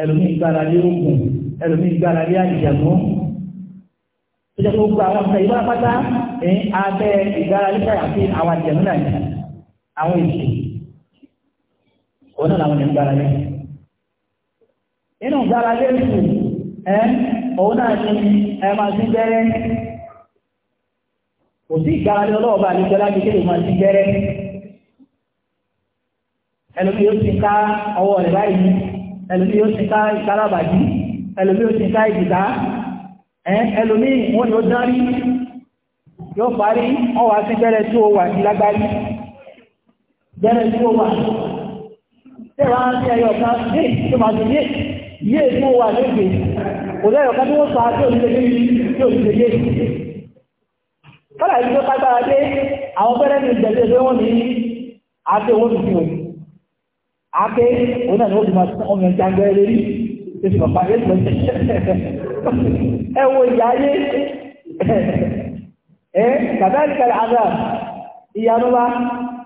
ẹlòmí gbára lé ogun ẹlòmí gbára lé àjẹmọ́ àwọn ọ̀sẹ̀ òun náà làwọn èèyàn gbára lé inú gbára lé sùn ẹ òun náà ní ẹ máa sí bẹ́rẹ́ kò sí ìgbára lé ọlọ́ọ̀bá àlejò láti kéde máa sí bẹ́rẹ́ ẹlòmí yóò ti ká ọwọ́ rẹ̀ báyìí ẹlòmí yóò ti ká ìkálábàjí ẹlòmí yóò ti ká ìdìdá ẹlòmí wọn yóò dárí yóò parí ọwọ́ àti bẹ́rẹ̀ tí ó wà ní lágbárí bẹ́rẹ̀ tí ó wà tẹ́wàá ní ẹyọ kan ní tó máa yé tó wà lóògbé kò lẹ́yọ kan tí wọ́n sọ àti òṣìṣẹ́ ní tí òṣìṣẹ́ yé kọ́lá ìjọ kágbára dé àwọn fẹ́rẹ́ ní ìjẹ̀lẹ̀ pé wọ́n ní àti owó tuntun rẹ̀ àti òun náà ni ó ti máa ọmọ ìjàngbẹ́ rẹ̀ rí tó ti bàbá rẹ̀ lọ́sẹ̀ ẹ wo ìyá ayé ẹ kàdáìkàlà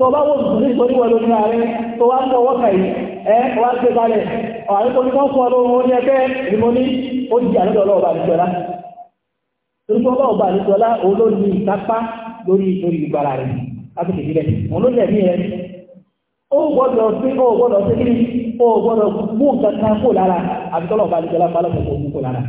tó bá wọ́n tún nítorí wọ́n lórí ààrẹ tó wá wá gbé balẹ̀ ààrẹ tó ní kọ́ fún ọlọ́run ó ní ẹgbẹ́ ìmọ̀ ní ó àlọ́dọ̀ ọlọ́ọ̀bà torí tó ọlọ́ọ̀bà àdìsọ́lá òun ló lórí lórí ìgbàlá rẹ̀ láti ó gbọ́dọ̀ sí ó gbọ́dọ̀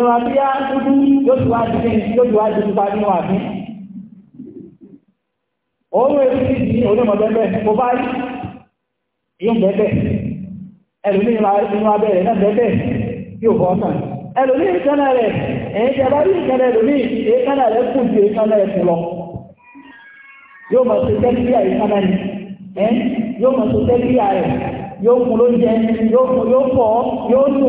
ìwà bí á dúdú yóò ti wá di ní yóò ti wá di nípa nínú àbí. òun èyí ti di onímọ̀ bẹ́ẹ̀ mo bá rí yóò bẹ́ẹ̀ ẹlòmíì inú abẹ́rẹ́ náà bẹ́ẹ̀ yóò bọ́ ọ̀sán ẹlòmíì ìkànnà rẹ̀ ẹ̀yìn tí a bá rí ìkànnà ẹlòmíì ìkànnà rẹ̀ kù ju ìkànnà rẹ̀ kù lọ yóò mọ̀ sí tẹ́lifíà ìkànnà ni ẹ̀ yóò mọ̀ sí tẹ́lifíà rẹ̀ yóò kún lóúnjẹ yóò fọ́ yóò nù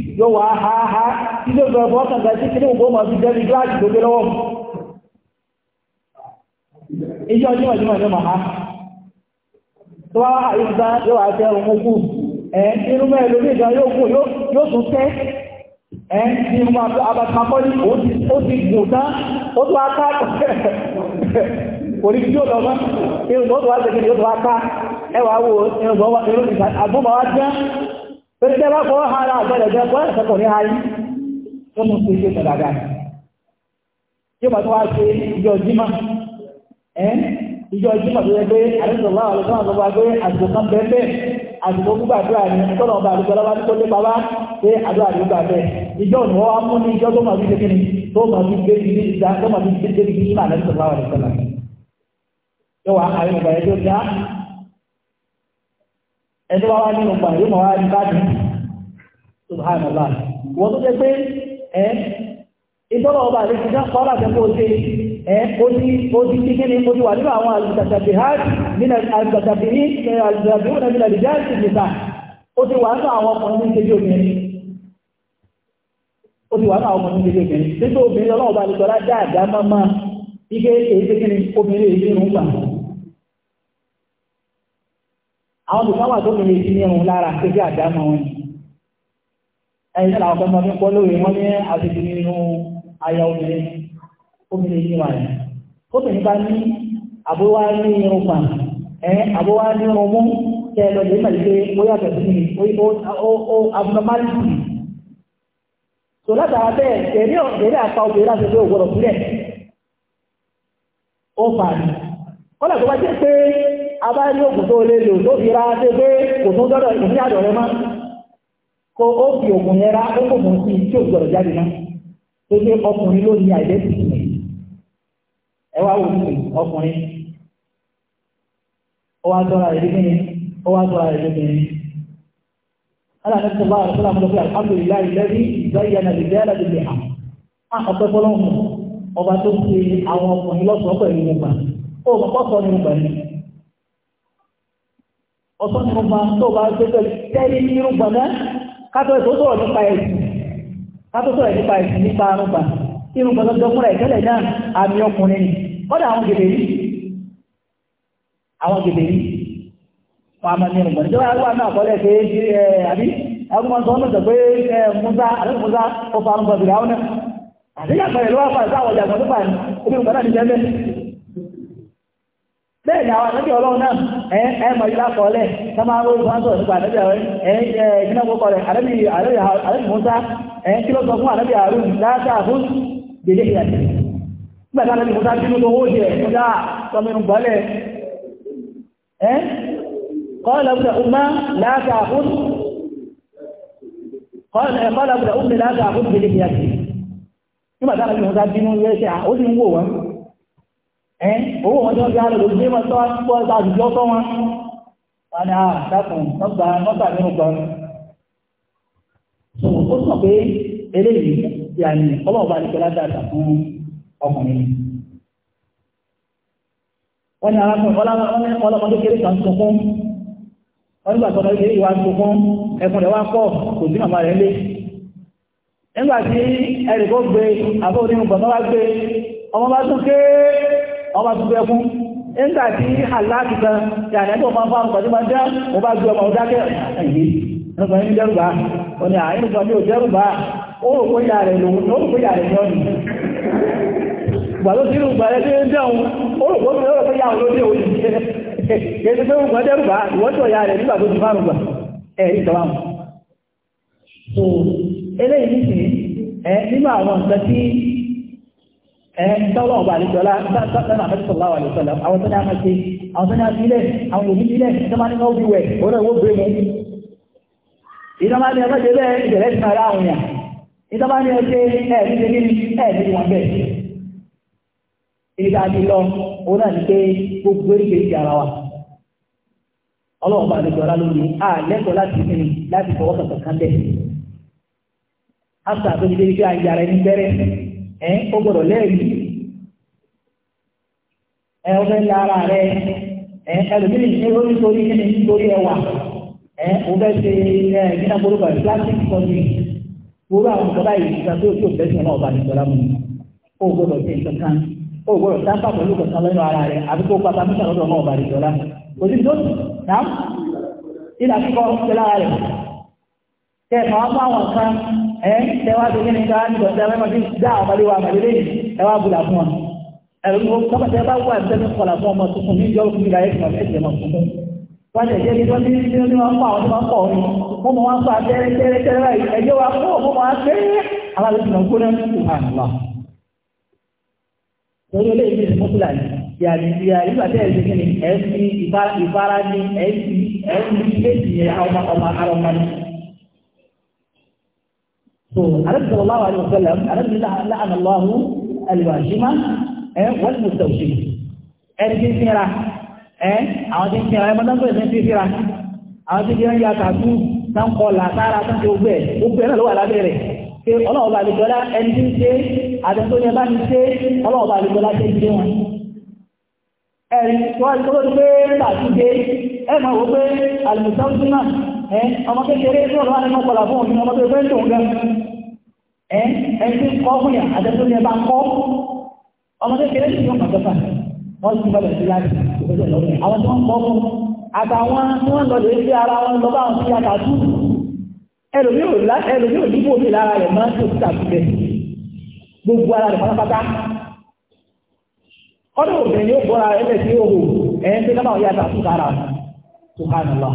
yọ wá ha ha tí ló sọ fọ́ kàgbà sí kíní ògbó màá fi jẹ́rí gíláàsì tó gbé lọ́wọ́ iṣẹ́ ọjọ́ ìmọ̀ ìjọba ha tó wá àyíká yóò wá tẹ ohun kù ẹ̀ inú mẹ́rin lórí ìjọ yóò kù yóò tún tẹ́ ẹ̀ ní inú abatakọ́lì ó ti gùn tán ó tún wá ká tí ó lọ mọ́ inú tó wá tẹ̀kí ni ó tún ẹwà wá pẹ̀lú tẹ́ bá fọwọ́ ara àgbẹ̀rẹ̀ jẹ́ kọ́ ẹ̀sẹ̀kọ̀ ní ayé tó mú sí ìṣẹ́ dàgbà yóò bá tó wá ṣe ìjọ jímà ẹ́ ìjọ jímà tó yẹ pé àrẹ́sọ̀lá ọ̀lọ́sọ́ àgbà pé àsìkò kan bẹ́ẹ̀ àsìkò gbogbo àdúrà ní tọ́nà ọba àdúgbò ọlọ́wà tó lé bàbá pé àdúrà ní gbà bẹ́ẹ̀ ìjọ ni wọ́n wá mú ní ìjọ tó máa fi ṣe tó máa fi gbé ibi ìjà tó máa fi gbé ibi ìjà àrẹ́sọ̀lá ọ̀lọ́sọ̀lá yóò wá àrẹ́sọ̀lá ẹni wá wá nínú gbà yóò mọ̀ wá ní báàdì subhanallah wọ́n tó jẹ́ pé ẹ ìtọ́lọ̀ ọba àti ìjà kọ́lá tẹ́ kó ṣe ẹ ó ní ó ti ti kí ni ó ti wà nínú àwọn àlùtàtàbí hajj nínú àlùtàtàbí ní àlùtàtàbí ó nàbí nàbí jáàsì nìta ó ti wà nínú àwọn ọkùnrin ní ṣe obìnrin ó ti wà nínú àwọn ọkùnrin ní ṣe obìnrin títí obìnrin ọlọ́ọ̀ba àlùtọ́lá dáadáa máa máa ike èyí ti kí ni obìnrin èyí ti rùn gbà àwọn bùkà wà tó kìíní sí irun lára kéjì àdámọ̀ wọn ẹ̀yìn náà àwọn ọmọ mi pọ́ lórí wọn ní àtẹ̀jù nínú aya obìnrin obìnrin yìí wà ní obìnrin bá ní àbúwá ní irun pa ẹ̀ àbúwá ní irun mú tẹ ẹ lọ lè mẹ́lẹ̀ pé ó yàtọ̀ sí mi ó abnormality tó látara bẹ́ẹ̀ tẹ̀lé ọ̀gẹ̀rẹ́ àpá obìnrin láti pé òwúrọ̀ sílẹ̀ ó fà á kọ́lá tó bá jẹ́ pé abáyé ògùn tó lè lò tó fi ra ṣe pé kò tó gbọ́dọ̀ ìpín àdọ̀ rẹ mọ́ kó ó fi ògùn yẹn ra ó kòkòrò sí tí ò gbọ́dọ̀ jáde náà tó ṣe ọkùnrin ló ní àìdẹ́sìtì yẹn ẹ wá wò sí ọkùnrin ó wá tọ́ra rẹ̀ lóbìnrin ó wá tọ́ra rẹ̀ lóbìnrin aláàbẹ̀ tó bá rẹ̀ sọ́lá mọ́tò pé alhamdulilayi lẹ́bí ìgbáyé náà lè bẹ́ẹ̀ láti lè hàn á ọ̀pẹ́ fọlọ́hùn ọba tó ṣe àwọn ọkùnrin lọ́sọ̀ọ́ pẹ̀lú gbogbo ó mọ̀ pọ̀ sọ ní gbogbo ọ̀tọ́ ni mo máa tó bá gbé pẹ̀lú tẹ́lí ní irúgbọ̀n náà kátó ètò sọ̀rọ̀ nípa ẹ̀sìn kátó sọ̀rọ̀ nípa ẹ̀sìn nípa arúgbà irúgbọ̀n tó dọ́kúnra ìtẹ́lẹ̀ náà àmì ọkùnrin ni kọ́dà àwọn gèdè rí àwọn gèdè rí wọn a máa ní irúgbọ̀n níjọba àwọn àmì àkọọ́lẹ̀ pé ẹ àbí agbọ́n sọ ọ́nà pé ẹ musa bẹ́ẹ̀ ni àwọn ànábì ọlọ́run náà ẹ mọ̀ ilá kọ́lẹ̀ sámáwó ìfọ́nsọ̀ nípa ànábì àwọn ẹ ẹ rẹ̀ ànábì ànábì Musa kí ló sọ fún ànábì láàtà fún gbèdé ìyàtì nígbà tí Musa bínú tó wó jẹ nígbà owó wọn tí wọ́n fi hàn lòdì sí wọn tó wá pọ̀ àdùjọ́ tọ́ wọn wọn ni àdàkùn nọ́gbà nọ́gbà nínú gan so ó sọ pé eléyìí ti àní ọlọ́ọ̀bá ní kẹlá dáadáa fún ọkùnrin wọ́n ní arákùnrin ọlọ́mọdé kéré kan sunkún wọ́n nígbà tọ́lọ́ ilé ìwà sunkún ẹkùn rẹ̀ wá pọ̀ kò sí màmá rẹ̀ lé nígbà tí ẹnì kó gbé àbọ̀ onínú gbọ̀ngàn wá gbé ọmọ bá tún kéé Ọ ma bẹ́ fún nígbà tí aláàtì kan yàtẹ́gbọ̀ máa ń fáwọn pẹ̀lú máa jẹ́ mo bá gbé ọmọ dákẹ́ ẹ̀yí nípa ẹni dẹ́rùbá ó ní àárín nǹkan ní òjẹ́rùbá ó rò pé ìyá rẹ̀ lòun ó rò pé ìyá rẹ̀ ní ọ̀nì gbàló sí ìrùgbà rẹ̀ tí ń dẹ̀hun ó rò pé ó rò pé ìyá òun ló dé òun kìí ṣe ẹ̀ ẹ̀ẹ́dọ́wọ́ ọba àlejòlá sọ́nà àmẹ́sọ̀lá wà lẹ́sọ̀lá àwọn tó ní a máa ṣe àwọn tó ní a fi ilẹ̀ àwọn òbí ilẹ̀ tó máa ní wọ́n fi wẹ̀ òun náà wọ́n gbé mu. ìjọba ní ọjọ́ ìjọba ìjọba ìjọba ara àwọn èèyàn ìjọba ní ọjọ́ ẹ̀ẹ́dì ṣe kíni ẹ̀ẹ́dì wọn bẹ́ẹ̀. ìgbà ti lọ òun náà ti pé gbogbo èrè kejì ara wa. ọlọ́wọ́ ọba àlejòlá lónìí a lẹ́kọ̀ọ́ ẹ̀ ó gbọ́dọ̀ lẹ́ẹ̀rí ẹ̀ ó fẹ́ lára rẹ̀ ẹ̀ ẹlòmíì ní ó nítorí nítorí ẹwà ẹ̀ ó ṣe ẹ̀ nígbà gbọ́dọ̀ bàbá plastic surgery gbogbo àwọn ìjọba yìí ìgbà tó tó bẹ́ẹ̀ sọ̀rọ̀ ọba nìjọba mu ó gbọ́dọ̀ ṣe nǹkan ó gbọ́dọ̀ ara rẹ̀ àbí kó pátá mú sàlọ́dọ̀ ọmọ ọba nìjọba kò wá àwọn kan ẹ̀ẹ́dẹ́wà tó ní ká ní ọ̀dá mẹ́mọ̀ sí dá àmàlẹ́wà àmàlẹ́lẹ́ ẹwà bùlà fún wọn ẹ̀rùn kọ́pàtẹ́ bá wà ìfẹ́mi kọlà fún ọmọ tuntun ní ìjọ òkúta ẹ̀kọ́ ẹ̀jẹ̀ mọ̀ fún wọ́n ní wọ́n so anabi sallallahu alayhi wa sallam anabi la'ana allahu alwashima ẹ wọ́n mú sọ̀ṣì ẹni tí ń fínra ẹ àwọn tí ń fínra ẹ mọ́tàn tó ẹ̀sìn tí ń fínra àwọn tí ń fínra ya kàtú náà ń kọ làtàrà tó ń ti gbẹ gbogbo ẹ̀ náà ló wà lábẹ́ rẹ̀ pé ọlọ́ọ̀bà àlùjọ́lá ẹni tí ń ṣe àtẹ̀tọ́ yẹn bá ti ṣe ọlọ́ọ̀bà àlùjọ́lá ṣe ń ṣe wọn ẹ̀rí wọ́n tó lórí pé tàbíké ẹ̀mọ̀ wọ́n pé alìmùsáwùsí náà ọmọ kékeré tí ọ̀rọ̀ wà nínú ọpọlọ fún ọmọ tó gbé ń tòun gan ẹ ẹni kọ́ fún yà àdẹ́tò ní ẹ bá kọ́ ọmọdé kéré ní ìlú pàtọ́fà wọ́n ti bọ̀lẹ̀ sí láti ìgbésẹ̀ lọ́wọ́ àwọn tí wọ́n kọ́ fún àtàwọn tí wọ́n lọ lè fi ara wọn lọ bá wọn fi àtàtù ẹlòmí ò dìbò mi lára rẹ̀ máa ń tó títà sílẹ̀ gbogbo ara rẹ̀ pátápátá ọdún òbẹ̀rẹ̀ ni ó bọ́ra rẹ̀ bẹ̀ sí òhò ẹ̀ ń tẹ́ kábàá yà àtàtù kára tó ká lọ.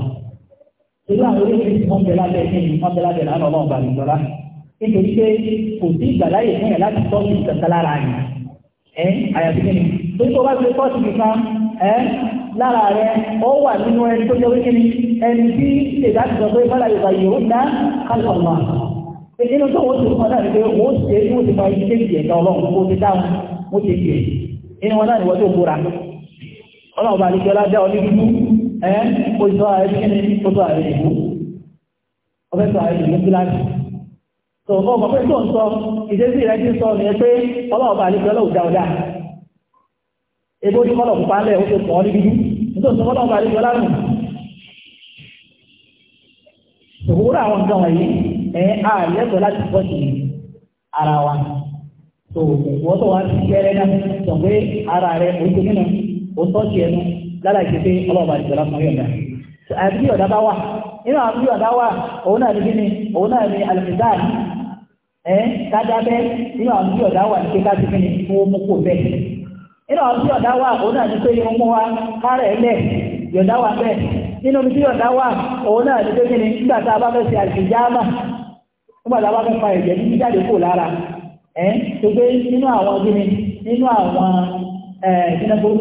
Ìlú àwọn orílẹ̀-èdè wọn bẹ lábẹ́ ẹni wọn bẹ lábẹ́ lánàá ọlọ́run bàbí ìjọba nítorí pé kò sí ìgbàláyè fún yẹn láti tọ́jú ìtẹ̀tẹ̀ lára yẹn ẹ àyàfi kí ni torí tó bá fi tọ́jú nìkan ẹ lára rẹ ó wà nínú ẹni tó jẹ́ wíkíní ẹni tí ìdá ti sọ pé fọlá yorùbá yòó ná kálọ̀mà nínú tó wọ́n ti fún ọ náà ni pé wọ́n ti ṣe wọ́n ti máa ṣe ìdíyẹ̀ náà ọlọ́run kó ti dáhùn wọ́n ti ṣe nínú wọn náà ni wọ́n tó bóra ọlọ́run bá ní dúdú ẹ tòmọ́ ọmọ pé tó ń sọ ìdésí rẹ̀ ti sọ nìyẹn pé ọlọ́ọ̀bá àlejò ọlọ́ọ̀ dáadáa ebó ní kọ́lọ̀ pupa lẹ̀ ó ti pọ̀ níbi dú nítorí sọ àlejò òwúrọ̀ àwọn nǹkan wọ̀nyí ẹ̀ á lẹ́tọ̀ọ́ láti pọ̀ sí ara wa tó wá sí náà sọ pé ara ó ti nínú ó tọ́ sí ẹnu ẹ kájábẹ́ nínú àwọn tí ọ̀dá wà ní kí kò bẹ nínú àwọn tí ọ̀dá wà òun náà ní pé irun wa kárẹ̀ lẹ̀ yọ̀dá wà nínú tí ọ̀dá wà òun náà pé kí ni nígbà tá a bá fẹ́ ṣe àṣìjáàmà nígbà tá a bá fẹ́ fa ẹ̀jẹ̀ jáde kò lára ẹ àwọn gbogbo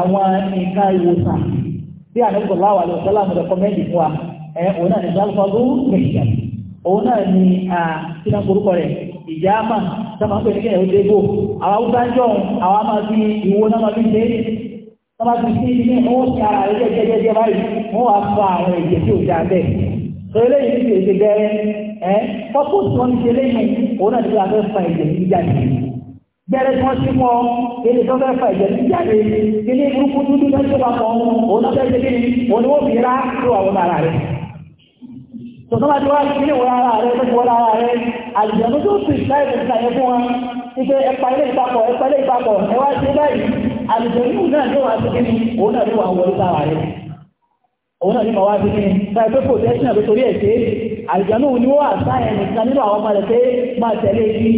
àwọn nǹkan ìwòsàn bí òun náà ni a àtìlá orúkọ rẹ̀ ìjáàmà sábà pẹ̀lú kẹ́ ẹ̀hún dégbò àwọn awúgbà ń jọun àwọn máa fi ìwo náà máa fi ṣe é sábà fi sí ilé wọn ti ara rẹ̀ jẹ́jẹ́jẹ́ báyìí wọ́n wá fa àwọn èdè tí ò dáa bẹ́ẹ̀ tó eléyìí ti èdè gẹ́rẹ́ ẹ́ pọ́pọ́ tí wọ́n ti ṣe lẹ́yìn òun náà ti fi afẹ́ fa èdè yìí jáde bẹ́ẹ̀rẹ̀ tí wọ́n ti mọ ilé tó fẹ́ fa ìjẹ̀lú jáde ilé burúkú dúdú lọ́jọ́ papọ̀ òun náà fẹ́ ṣe kí ni òun ni wọ́n fi rá tó àwọn ará rẹ̀ tòtọ́lá tí wá rí ilé wọ́n ara rẹ̀ lójú wọ́n ara rẹ̀ àjẹ̀mú tó sì láì lè ṣàyẹ̀ fún wọn ike ẹpa ilé ìpapọ̀ ẹpa ilé ìpapọ̀ ẹwà ṣe báyìí àjẹ̀mú náà ní wàá ṣe kíni òun náà ní wàá wọlé sára rẹ̀ òun náà ní wàá ṣe kíni báyìí pé kò tẹ́sí àbí torí ẹ̀ ṣe àjẹ̀mú ni wọ́n wà sáyẹn nìkan nínú àwọn ọmọ rẹ̀ pé máa tẹ̀lé ibi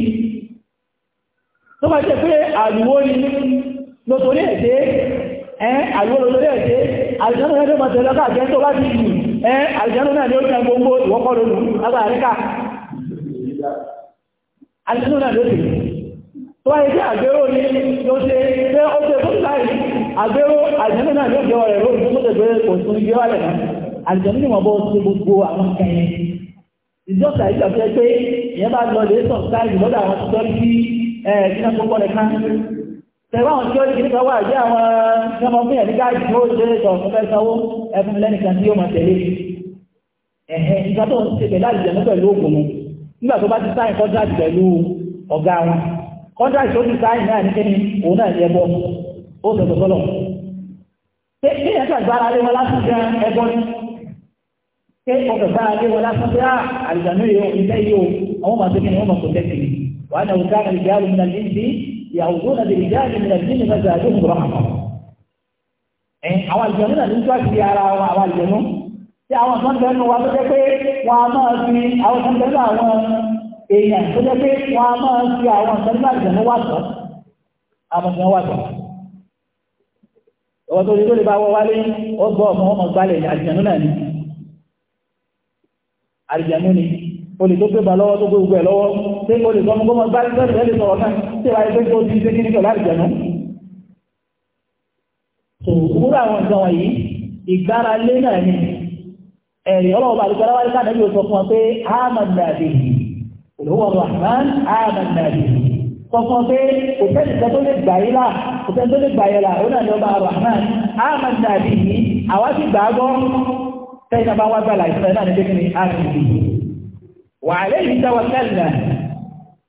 tó bá ṣe pé àlùwó ni lọ torí ẹ̀ ṣe ẹ̀ àlùwó lọ torí ẹ̀ ṣe àjẹ̀mú náà ẹ àlùjànnú náà ni ó tẹ gbogbo ìwọ́kọ́ lónú lágbà àríkà àlùjànnú náà ló tẹ̀ tó wáyé tí àgbérò ní ló ṣe pé ó ṣe fún láì àgbérò àlùjànnú náà ló jẹ́ ọ̀rẹ́ lórí tó tẹ̀gbẹ́ kò tún yé wálẹ̀ náà àlùjànnú ni wọ́n bọ́ sí gbogbo àwọn kẹyìn ìjọba ìjọba pé ìyẹn bá lọ lè sọ̀ tẹ̀wọ́n tí ó ti nípa wà jẹ́ àwọn ọmọ fún ẹ̀dígá tí ó ṣe sọ fún fẹ́ sanwó ẹfún lẹ́nìkan tí ó máa tẹ̀lé ẹ̀hẹ́ ìgbà tó ń ṣe pẹ̀lú àjẹmọ́ pẹ̀lú ògùn mu nígbà tó bá ti sáìn kọ́ńtàkì pẹ̀lú ọ̀gá wọn kọ́ńtàkì tó ti sáìn náà ní kíni òun náà ah, ní ẹbọ يعوذون برجال من الجن فزادوهم رهقا àwọn àjẹ̀mú náà ní ṣọ́ọ̀ṣì ara àwọn àjẹ̀mú tí àwọn kan tẹnu wa tó jẹ́ pé wọ́n a máa fi àwọn kan tẹnu àwọn èèyàn tó jẹ́ pé wọ́n a máa fi àwọn tẹnu àjẹ̀mú wà tọ́ àwọn kan wà tọ́ ọwọ́ tó ní tó lè bá wọ wálé ó gbọ́ ọmọ ọmọ gbalẹ̀ àjẹ̀mú náà ni àjẹ̀mú ni olè tó gbé tí wàá ẹgbẹ́ tó ti ṣe kí ní pẹ̀lú àjẹmọ́. tó wúrọ̀ àwọn nǹkan wọ̀nyí ìgbára lé náà ni ẹ̀rì ọlọ́wọ́ bá dùgbọ́dá wáyé ká nàbí òsọ fún wa pé ámàdàbì òwò rahman ámàdàbì kọ̀ọ̀kan pé òfẹ́ nìkan tó lè gbà yí là òfẹ́ tó lè gbà yẹ là òun náà ni ọba rahman ámàdàbì yìí àwa ti gbà á gbọ́ tẹ́yìn náà bá wá gbà láìpẹ́ náà ní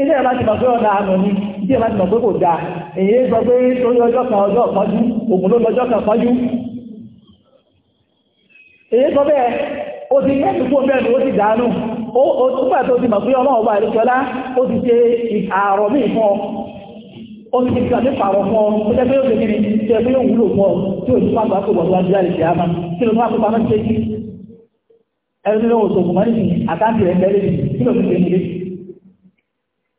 ilé ẹ̀ láti bàbá ọ̀dà àmì ní ilé ẹ̀ láti bàbá kò dà èyí sọ pé torí ọjọ́ kan ọjọ́ ọ̀pọ̀jú ògùn ló lọ́jọ́ kan pọ́jú èyí sọ bẹ́ẹ̀ ó ti yẹ́ ìfún bẹ́ẹ̀ ó ti dànù ó túpà tó ti màgbé ọlọ́run ọba àríkọlá ó ti ṣe ààrọ̀ míì fún ọ ó ti ṣe àti pààrọ̀ fún ọ ó jẹ́ pé ó ti kiri tí ẹ pé yóò wúlò fún ọ tí ò ní fún àgbà tó wọ̀ níwájú láì ṣe àmà àkáǹtì rẹ̀ ń bẹ́ẹ̀ lé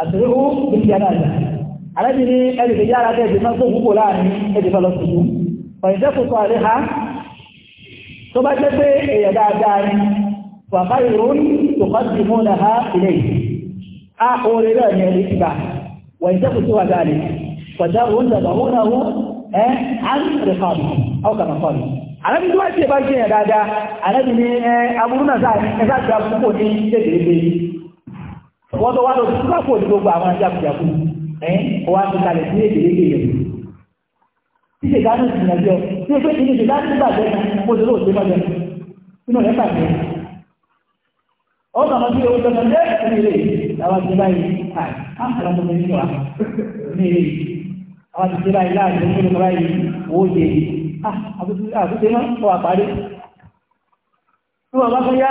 àtẹ̀wéwó bíi yàrá àjà àlẹ́bí ní ẹ̀rìndé yàrá tẹ̀ ẹ̀dẹ̀ máa tó púpọ̀ láàrin ẹ̀dẹ̀ fẹ́ lọ sí ìlú ọ̀yẹ̀dẹ́ kò sọ àlẹ́ ha tó bá jẹ́ pé èèyàn dáadáa ni bàbá ìrún tó bá ti mú na ha ilé a oore náà ni ẹ̀rí ìgbà ọ̀yẹ̀dẹ́ kò sí wà dáa ni wàjá òun dàgbà òun náà wọ́n ẹ́ á ń rẹ̀ fàmù ọkàn fàmù àrẹ́bí tó wá sí ẹ̀bá jẹ́ yẹn dáadáa àrẹ́bí ni ẹ aburú náà sáà ẹ sáà wọ́n tó wá lọ sí káfò ní gbogbo àwọn ajagunjagun ẹ̀ ọ wá fi kalẹ̀ sí èdè lédè yẹn títí ìdáná sì ní ọjọ́ tí o fẹ́ ti ní ìdí láti nígbà jẹ́ mo ti lóòótọ́ náà jẹ́ inú rẹ̀ pàdé ọ̀sán ọmọdé owó tó náà jẹ́ nílé àwọn ti báyìí àwọn ọmọdé ní wa nílé àwọn ti báyìí láàrin ní ìlú báyìí owó jẹ àbúté náà kọ́ àparí tí wọ́n bá fẹ́ yá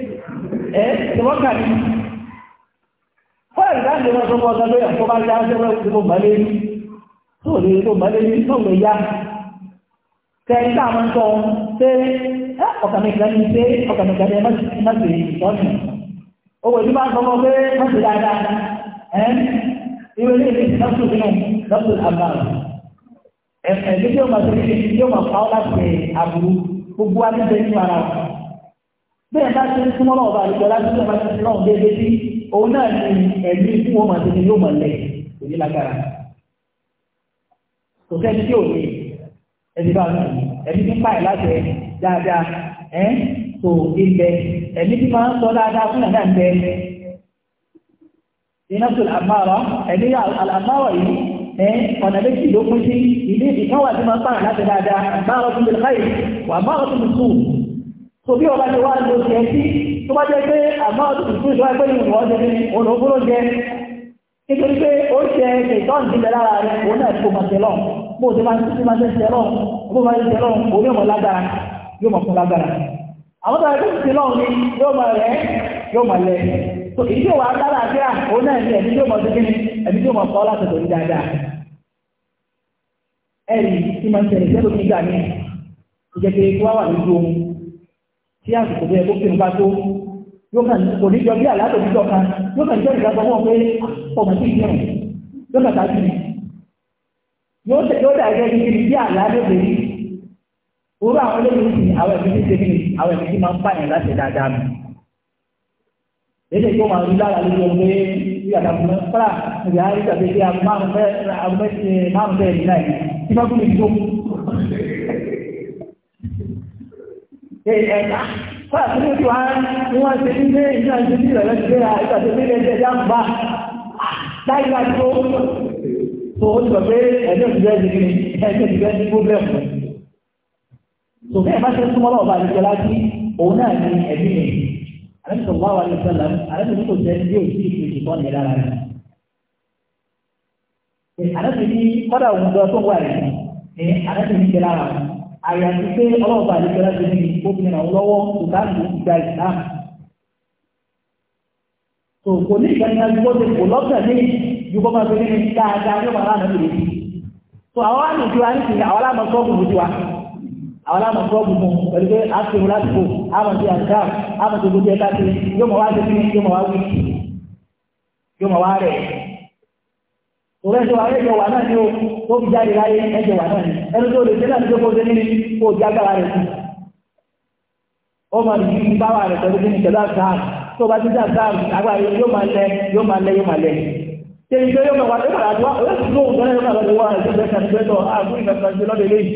ẹ́ ìwọ́n kàrí fọ́ẹ̀rì láti lọ sọ fún ọ̀sán lóyà tó bá já ṣẹ́wọ́ tí mo bá lé ní tó lè tó bá lé ní tó lè yá kẹrin tá a máa ń tọ́ ṣé ọ̀kàmìkà ní ṣé ọ̀kàmìkà ní mọ́tì ìtọ́nì owó ìlú bá ń sọmọ pé mọ́tì dáadáa ẹ́ ìwé ní ìlú lọ́sùn nínú lọ́sùn àbá ṣe yóò máa pa ọ́ láti àbúrú gbogbo adébẹ́ nínú ara wọn bẹ́ẹ̀ bá ṣe ń súnmọ́ náà bá àlùkò láti ṣe bá ṣe náà déédé sí òun náà ni ẹ̀mí fún wọn àti ni yóò mọ̀ lẹ̀ kò ní lágbára kò sẹ́ni tí ò ní ẹni bá mi ẹni tí ń pààyàn láti ẹ dáadáa ẹ tó ilẹ̀ ẹni tí máa ń sọ dáadáa fún ẹ̀dá ń bẹ iná tó àmàrà ẹni àmàrà yìí ẹ ọ̀nà méjì ló pín sí ilé ìkáwà tí máa ń pààyàn láti dáadáa àmàrà tó lè tó ọba jẹ wá ló jẹ sí tó bá jẹ pé àmọ́ ìfún ìṣọ́ ẹgbẹ́ ìwọ̀n wọ́n ní òun ò búrò jẹ nítorí pé ó jẹ ìtọ́n ìdílẹ̀ lára rẹ̀ òun náà kò máa tẹ̀lọ́ bó ti máa ti máa tẹ̀ lọ́n bó máa tẹ̀lọ́ òun yóò mọ̀ lágbára yóò mọ̀ fún lágbára àwọn tó ẹgbẹ́ ti lọ́n ni yóò mọ̀ rẹ̀ yóò mọ̀ lẹ̀ ìdí òwà agbára tí àsìkò bẹ́ẹ̀ tó kírun bá tó yóò kàn kò ní jọ bí àlátò níjọ kan yóò kàn jọ ìgbàgbọ́ wọn pé ọmọ tí ìjẹun yóò kàn tàbí yóò tẹ̀ yóò dàgbẹ́ ní bí àlátò bẹ̀rẹ̀ orú àwọn olóyún sì àwọn ẹ̀mí ti tẹ̀lé àwọn ẹ̀mí ti máa ń pààyàn láti dáadáa mi èdè tó máa rí lára lórí ọgbẹ́ bí àdàbò ìyá ìjàgbé bí ẹ̀dá fọ́nà tí ó ti wá ní wọ́n ṣe ní ilé ìjọ ìjọ ní ìrọ̀lẹ́ ti gbéra ìtàṣe ní ilé ẹjẹ́ jáǹbá láìka tó tó ó ti sọ pé ẹ̀dẹ́ òṣìṣẹ́ ti ní ẹ̀dẹ́ òṣìṣẹ́ ti kó bẹ́ẹ̀ fún un tòkẹ́ ìbá ṣe súnmọ́ lọ́wọ́ bá ti jọlá sí kọ́dà òun lọ tó wà rẹ̀ ní àlẹ́sọ̀ ní rẹ̀ àyàfi pé ọlọ́ọ̀bà àdìgbẹ́lá ti di obìnrin àwọn lọ́wọ́ kò bá lù ú gba ìsìlámù. tó kò ní ìgbàgbọ́ gbọ́dọ̀ kò lọ́sẹ̀ ní yóò bọ́ máa fi nínú dáadáa yóò máa lánàá lòdì. tó àwọn àlùjọ àti àwọn aláàmọ̀ sọ́ọ̀bù lòdì wa àwọn aláàmọ̀ sọ́ọ̀bù mu pẹ̀lú pé a ti wọlé àsìkò àmọ̀ ti àgbà àmọ̀ ti gbogbo ẹ̀ká ti yóò máa wá òrẹ́jọ ààrẹ jọ wà náà ní o tó fi jáde láyé ẹjọ wà náà ní ẹni tó lè tẹ́lá tó kóse ní kó o jágbára rẹ̀ sí ó máa ní kí báwa rẹ̀ pẹ̀lú kíni pẹ̀lú àgbáà tó bá ti dá àgbáà àgbáà rẹ̀ yóò máa lẹ yóò máa lẹ yóò máa lẹ tẹ̀lé tó yóò máa wà lẹ́wọ̀n wá òwe tó ń tọ́lẹ̀ yóò máa wá àti bẹ́ẹ̀ kan bẹ́ẹ̀ tọ́ àbú ìfẹsẹ̀sẹ̀ lọ́dẹ lẹ́yìn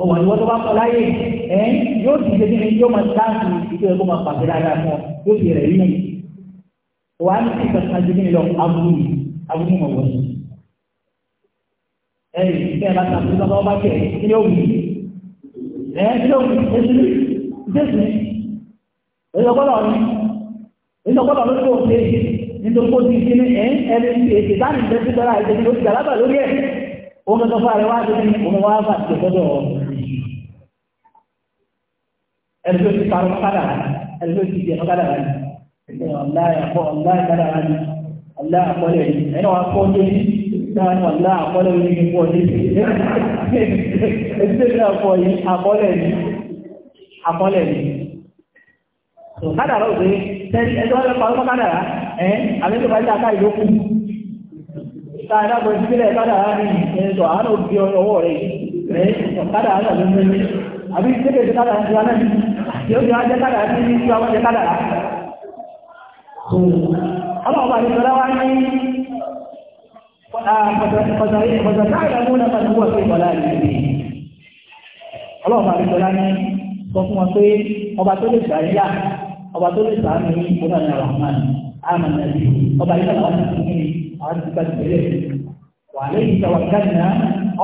ọwọ́ tó bá kọ láyé ẹ̀ yóò ti ṣe kí yóò máa dáàbò ìgbẹ́ máa pàṣẹ dáadáa fún ọ yóò ti rẹ̀ yíyan wàá ní kí ìkàtà ju nílò aburú yìí aburú mọ̀ wọ́n. ẹ ẹ ìfẹ́ bá ta fún bàbá ọba kẹ kí ni ó wù ẹ kí ni ó wù ẹ sílẹ̀ jésù ní ìdọ̀gbọ́dọ̀ ní ìdọ̀gbọ́dọ̀ ló tó ṣe nítorí kó ti kíni ẹ ẹ ní ètè dáni ìdẹ́sí dára ìdẹ́sí ló ti dà lábà lórí ẹ̀ òun kankan fún àrẹwà àti ní òun wá bá ti gbọ́dọ̀ ẹni tó ti parọ́ kádà ẹni tó ti jẹ kádà rẹ̀. Àkọọ́lẹ̀ ni. Kádàrá òṣèré, tẹ́lẹ̀ ẹjọ́ ọlọ́pàá ọlọ́pàá kádàrá, ẹ́ àmẹ́tò bá jẹ́ àká ìlókù. Kádàrá bọ̀ sílẹ̀ kádàrá ní ẹ̀ẹ́sọ̀ àánà òbí ọwọ́ rẹ̀, ẹ́ kádàrá lọ́dún mẹ́rin. Àbí ọlọ́ọ̀bà ìṣọ́lá wá ní pọ̀tàkàìlàmúnà pàtàkùwà pé bọ̀lá ìrìnlẹ̀ ọlọ́ọ̀bà ìṣọ́lá ní sọ fún wọn pé ọba tó lè sàáyà ọba tó lè sàánú ní ọdún àrà rahman amànàbí ọba ìṣọ́lá wá ní kí àwọn ti gbàgbé rẹ̀ wà lẹ́yìn ìṣàwà gánà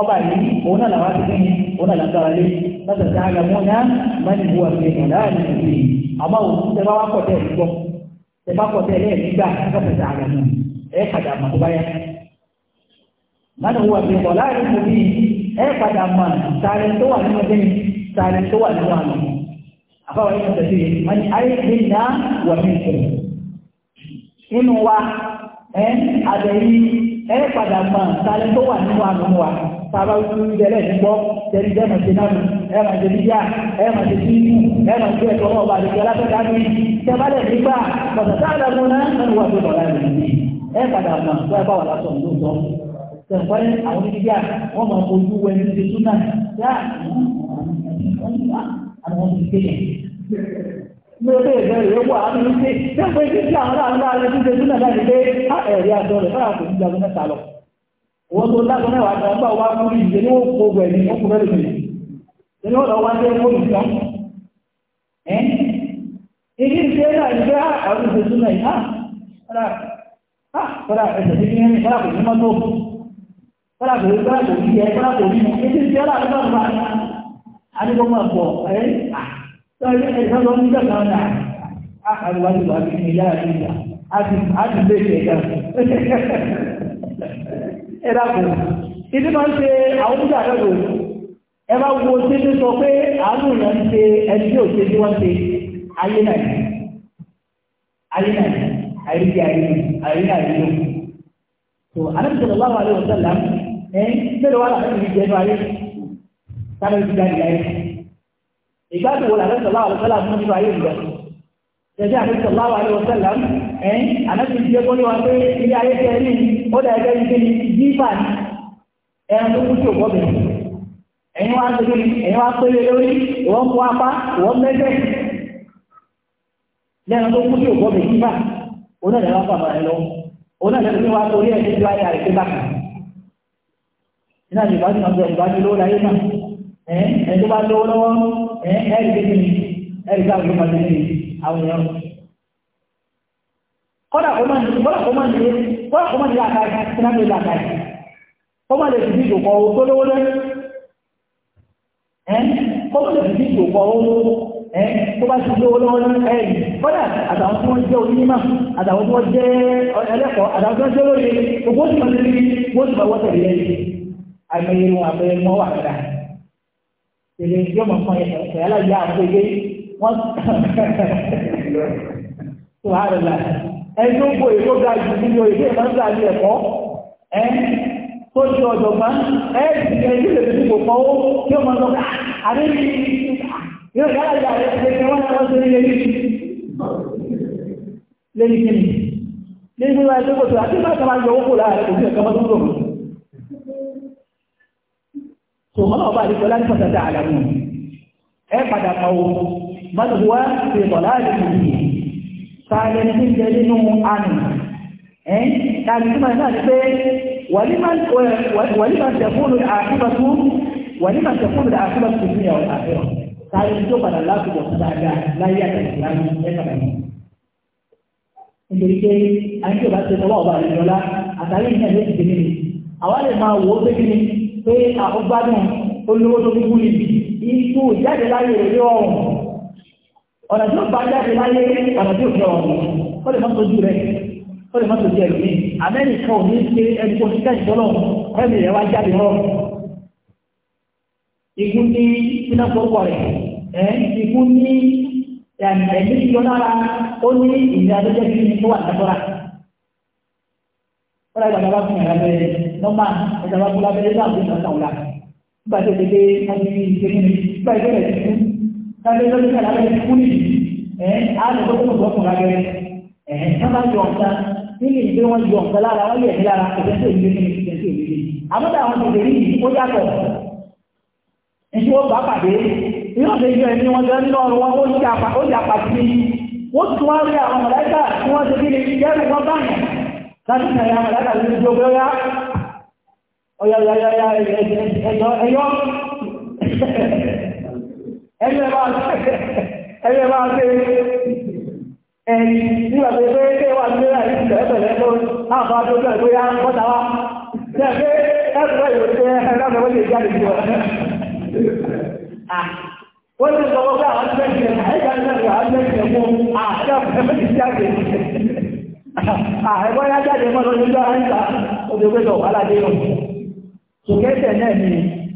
ọba yìí òun náà làwọn ti gbìn òun náà làgbára lé pọ̀tàkàìlàmúnà mẹ́rin wà pé bọ̀lá ìrìnlẹ̀ àmọ́ òun tẹ tẹ bá kọ́ tẹ́lẹ̀ nígbà lọ́kùnrin àgbà náà ẹ padà mọ̀ tó bá yá. lánàá wo àti ìkọ̀ láàrin kò bí ẹ padà mọ̀ sáré tó wà nínú ẹgbẹ́ mi sáré tó wà nínú àná. àbáwọ̀ yìí tẹ̀sí yìí wọ́n ní ayé ti ná wà ní ìkọ̀. nínú wa ẹ àbẹ̀yí ẹ padà mọ̀ sáré tó wà nínú àná wa sábà wíwú jẹ́lẹ̀ nígbọ́ tẹ̀lé jẹ́ ẹ máa ṣe bíyà ẹ máa ṣe sí ẹ máa ṣe ẹ̀tọ́ ọba àdìgbẹ́ alágbèdá mi tẹ́bálẹ̀ nígbà bàtà sáàlà mú náà ẹnu wà tó bọ̀lá rẹ̀ nìyí ẹ padà mọ̀ tó ẹ bá wà lásán tó sọ tẹ̀kọ́ ẹ àwọn bíyà wọ́n máa fojú wẹ ní ṣe túnà yá àwọn ti gbé yẹn lórí ìbẹ̀rẹ̀ owó àwọn ilé tẹ́gbẹ́ ìdí tí àwọn aláàrùn láàrin ti ṣe túnà láti dé ẹ̀rí àjọ rẹ̀ fáwọn kò ní jagun mẹ́ta lọ. Wọ́n tó lágbọ́n mẹ́wàá kan gbà wá fún ìdílé ní ó kó gbẹ̀mí ó kú mẹ́rin torí ó lọ wá sí ẹ̀kọ́ ìjọ ẹ ibi ìṣe náà ìgbé ah, àwọn ìṣèṣú náà yìí kọ́dà ah, kọ́dà ah, ẹ̀sẹ̀ tí kìíní kọ́dà kò ní mọ́tò kọ́dà kò ní kọ́dà kò ní yẹ kọ́dà kò ní mọ́ ibi ìṣe náà ìgbé àwọn ìṣèṣú náà adigun máa bọ̀ ẹ́ sọ́yìn ẹ̀sán lọ nígbà kan náà àkàlùwájú wà ní ilé àti ìyá àti bèèrè ẹ̀dá ẹ̀dá kò ìdí máa ń ṣe àwọn oúnjẹ àdọ́gbò ẹ bá wo títí sọ pé àánú yẹn ń ṣe ẹni tí ò ṣe tí wọ́n ṣe ayé náà ayé náà ayé ti ayé ayé náà ayé náà tó alábìsọ̀rọ̀ wà wà lóun sọ̀lá ẹ mélòó wà láti fi jẹ́ inú ayé sáré ti dá ìyá yẹn ìgbàgbọ́ wò làbẹ́sọ̀rọ̀ wà lóun sọ̀lá fún nínú ayé ìgbà tẹ̀sí àbẹ́sọ̀rọ̀ wà lóun sọ̀lá ẹ alábìsọ̀rọ̀ jẹ́ kó ní wa pé ilé ayé tẹ̀ ní ó dà ẹgbẹ́ yìí ní yífà ẹran tó kú sí òkú ọ̀bẹ̀rẹ̀ ẹ̀yin wá gbé ẹ̀yin wá pélé lórí ìwọ́n kó apá ìwọ́n mẹ́gbẹ́ lẹ́nu tó kú sí òkú ọ̀bẹ kíkà òun náà lẹ́wọ́n pàmò rẹ lọ òun náà lẹ́nu wá torí ẹ̀sìn tí wáyà rẹ̀ pé bàkà iná ìbájú náà sọ ìbájú lówó láyé náà ẹ̀ ẹ̀ tó bá lówó lọ́wọ́ ẹ̀ ẹ̀ rí kékeré ẹ̀ rí káwọn ìjọba tẹ̀lé àwọn èèyàn kọ́dà kọ́ máa ń kọ́dà kọ́ máa ń kọ́dà kọ́ máa ń lé àkàrà kí náà lè lè àkàrà kọ́ kọ́mọ̀lẹ̀ fi kò kọ́ owó tó bá ti lówó lọ́wọ́ ní ẹ̀yìn kọ́dà àtàwọn tí wọ́n jẹ́ onímọ̀ àtàwọn tí wọ́n jẹ́ ẹlẹ́kọ̀ọ́ àtàwọn tí wọ́n jẹ́ lóye gbogbo tí wọ́n ti rí wọ́n ti wọ́n tẹ̀lé ẹ̀yìn àgbẹ̀yẹ wọn wà kọ́dà tẹ̀lé yóò mọ̀ fún ẹ̀yà alájà àgbẹ̀yẹ wọn tó la ẹni tó ń bo èkó nínú èkó tó ṣe ọ̀jọ̀gbọ́n ẹ̀ẹ́dì ẹ̀yìn lè fi kò fọwọ́ tí ó máa lọ àrí yóò yára yà rẹ̀ ẹgbẹ́ wọn lọ́wọ́ sí ilé yìí lẹ́yìn kí ni lẹ́yìn tí wọ́n ti kò tó àti bá kàmá yọ owó láàrẹ̀ kò sí ẹ̀kọ́ bá tó lò tó mọ́ ọba àdìgbò láti pàtà dá àlà mú ẹ padà pa owó mọ́tò wá ti bọ̀ láàrẹ̀ kò sí sáà lẹ́ni tí ń jẹ nínú ولمن تكون العاقبة ولمن تكون العاقبة في الدنيا والآخرة تعالى نشوف أن الله سبحانه وتعالى لا يتكلم يتكلم nítorí pé àyíkè bá ti tọ́wọ́ ọba ìjọlá àtàrí ìyá ìlú ti dèmí ni àwa lè máa wò ó pé kí ni pé àkọ́gbádùn olówó tó kúkú ni ikú jáde láyé rẹ̀ yọ ọ̀hún ọ̀nà tí ó bá jáde láyé ọ̀nà tí ó fi ọ̀hún ó lè má sojú rẹ̀ ó lè má sojú ẹ̀mí amẹ́ríkà ò ní ṣe ẹni kó ṣiṣẹ́ ìtọ́lọ̀ kọ́ẹ̀mì rẹ̀ wá jáde rọrùn igun ní iná pọ̀pọ̀ rẹ̀ ẹ̀ igun ní ẹ̀mí ìjọ lára ó ní ìdí adójẹ́ sí ní tó wà lágbára wọ́n lágbàdá bá fún ìyàrá bẹ́ẹ̀ nọ́mà ẹ̀dá bá fún lábẹ́rẹ́ náà fún ìgbà ọ̀la nígbà tó ti dé wọ́n ti ní ìṣe nínú nígbà ìṣe rẹ̀ ti kú lábẹ́ lọ́dún kàlábẹ́ ti kú nìyí ẹ̀ á lè tó kó níbi ìgbé wọn yọ nǹkan lára wọn yẹ̀ ní lára ìgbẹ́ tó ìgbé ní ìgbẹ́ tó ìgbé àmọ́tà àwọn ìgbé ní ó yàtọ̀ ìṣe ó bá pàdé yóò lè yọ ẹni wọn jọ nínú ọrùn wọn ó yà pàtí wọ́n tún wá rí àwọn mọ̀láìkà tí wọ́n ti bí ní ìjẹ́rù wọn báyìí láti ṣàyà mọ̀láìkà lórí ojú ọgbẹ́ ọyá ọyáyáyá ẹ̀yọ́ ẹ̀yọ́ ẹ̀yọ́ ẹ̀bá yìí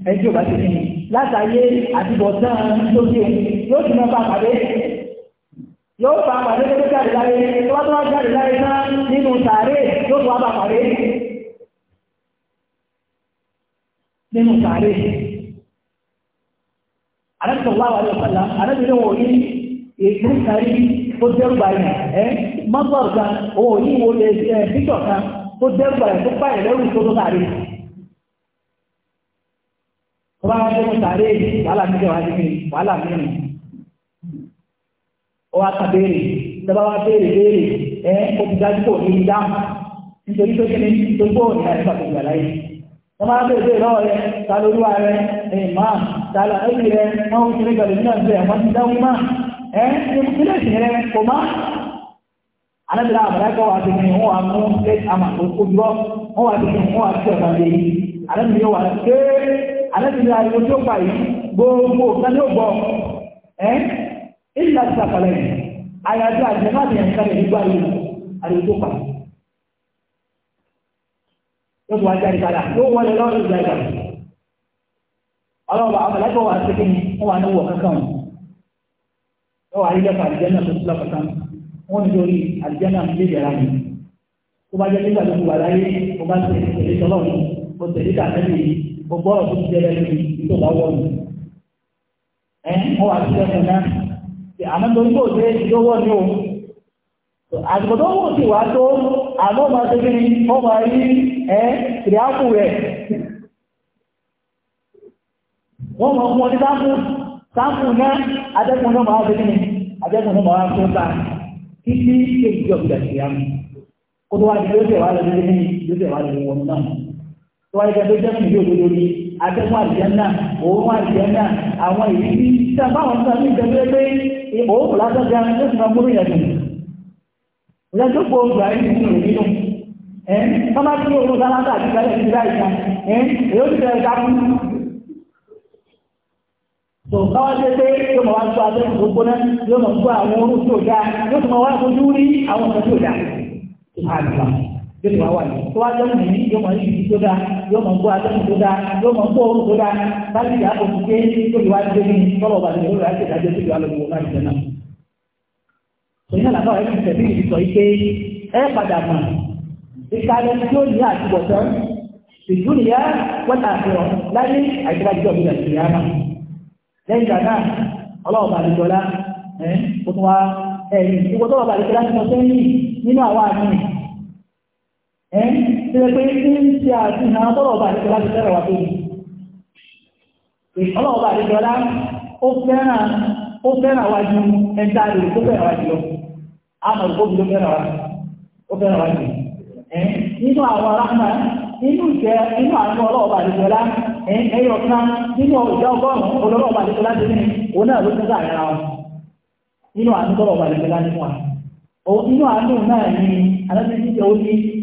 ẹjọ́ bá ti fi látàyé àtibọ̀tán tó ṣe yóò ti mọ́ bá yóò fa àpàdé tó jáde láyé tó bá tó wá jáde láyé tán nínú sàárè yóò tó wá bá pàdé nínú sàárè alẹ́sọ̀wá wà lọ́pàá alẹ́bìnrin wò ní ètò ìsàrí tó dẹ́rùbà yẹn ẹ́ mọ́tòrò kan òun yìí wo lè ṣe píṣọ̀ kan tó dẹ́rùbà yẹn tó báyìí lẹ́rù tó tó sàárè tó bá wá nínú sàárè wàhálà mi ó wá ta béèrè ìjọba wá béèrè béèrè ẹ ó ti dájú kò ní í dáhùn nítorí tó kí ni tó gbó òní àti pàtó ìgbà láyé wọ́n máa bèèrè bèèrè lọ́wọ́ rẹ ta lóluwa rẹ ẹ̀yìn máa ta la ẹ̀yìn rẹ wọ́n ń kiri gbàlè nínú ẹ̀sẹ̀ wọ́n ti dáhùn máa ẹ̀ nílẹ̀ ìsìn rẹ kò má. alábìlà àbàdàkọ̀ wà ti fi wọ́n wà mú lẹ́tí àmà tó kó dúró wọ́n wà ti fi wọ́n wà ti ọ̀gá lé yìí alábìlà wà ké alábìlà ariwo tó pa yìí gbogbo kálí ò gbọ́ ẹ̀ ìlà ìsàkàlẹ̀ àyàjọ àjẹmọ́ àti ẹ̀ǹkàlẹ̀ nígbà yìí àdúgbò pa yóò tó wá jáde padà yóò wọlé lọ́rùn ìgbà ìgbà ọlọ́wọ́ àmàlẹ́kọ̀ wà sí kí wọ́n wà ní wọ̀ kankan wọ́n wà ilé fún àlìjẹ́nà tó sílọ̀ kankan wọ́n ní torí àlìjẹ́nà lè jẹ́ra mi tó bá jẹ́ nígbà tó wà láyé tó bá ti tẹ̀lé tọ́lọ́ mi mo tẹ̀lé àmọ́ tó ń bò dé ìdówọ́ ní o àsìkò tó ń bò sí wá tó àmọ́ máa ṣe kíni ó máa rí ẹ tìrìákù rẹ̀ wọ́n mọ̀ fún ọdí sáfù sáfù náà atẹ́kùn náà máa ṣe kíni atẹ́kùn náà máa fún ta títí kéjì ọ̀gbìn àti ìyá mi kó tó wá di lóṣèlú wa lóṣèlú ní lóṣèlú wa lóṣèlú wọn náà tó wá di kẹfẹ́ jẹ́ kìí òdodo ní atẹ́kùn àti ìyá náà òun àti ìyá náà àwọn ìrísí sábà wọn náà ní ìjọba ẹgbẹ́ òun lásán jẹ́ ẹni tó ti máa múrú yẹn dùn ìyá tó kó gbà ẹni nínú rẹ̀ nínú ẹ̀ tọ́lá tí ó rú sáláńtà àti ìgbàlẹ̀ ìgbà ìgbà ẹ̀ èyó ti bẹ̀rẹ̀ dákú tó káwá ṣe pé yóò máa wá tó abẹ́ ìgbógbó tí ò rí lórí wa wà ní tó wá jẹ́ mùmí yóò mọ̀ dáa yóò gbọ́ tó dáa yóò gbọ́ ohun tó dáa lórí wa dé ní tọ́lọ̀ lórí wa ṣe dájọ́ lórí wa lórí wa àlàbà tẹ̀lé ìdí sọ ike padà mọ̀ ìkàlẹ̀ tí ó ní àfihàn láyé àìsíwájú ọ̀gbìn àti lẹ́yìn ìgbà náà ọlọ́wọ́ ẹ́ ṣe pé ń ṣe na ọlọ́ọ̀bà àdìgbọ́lá ti fẹ́ràn wá tó yìí ọlọ́ọ̀bà àdìgbọ́lá ó fẹ́ràn ó fẹ́ràn wá ju ẹ̀dá rẹ̀ tó fẹ́ràn wá jù lọ àmọ̀ ìgbóbi ló fẹ́ràn wá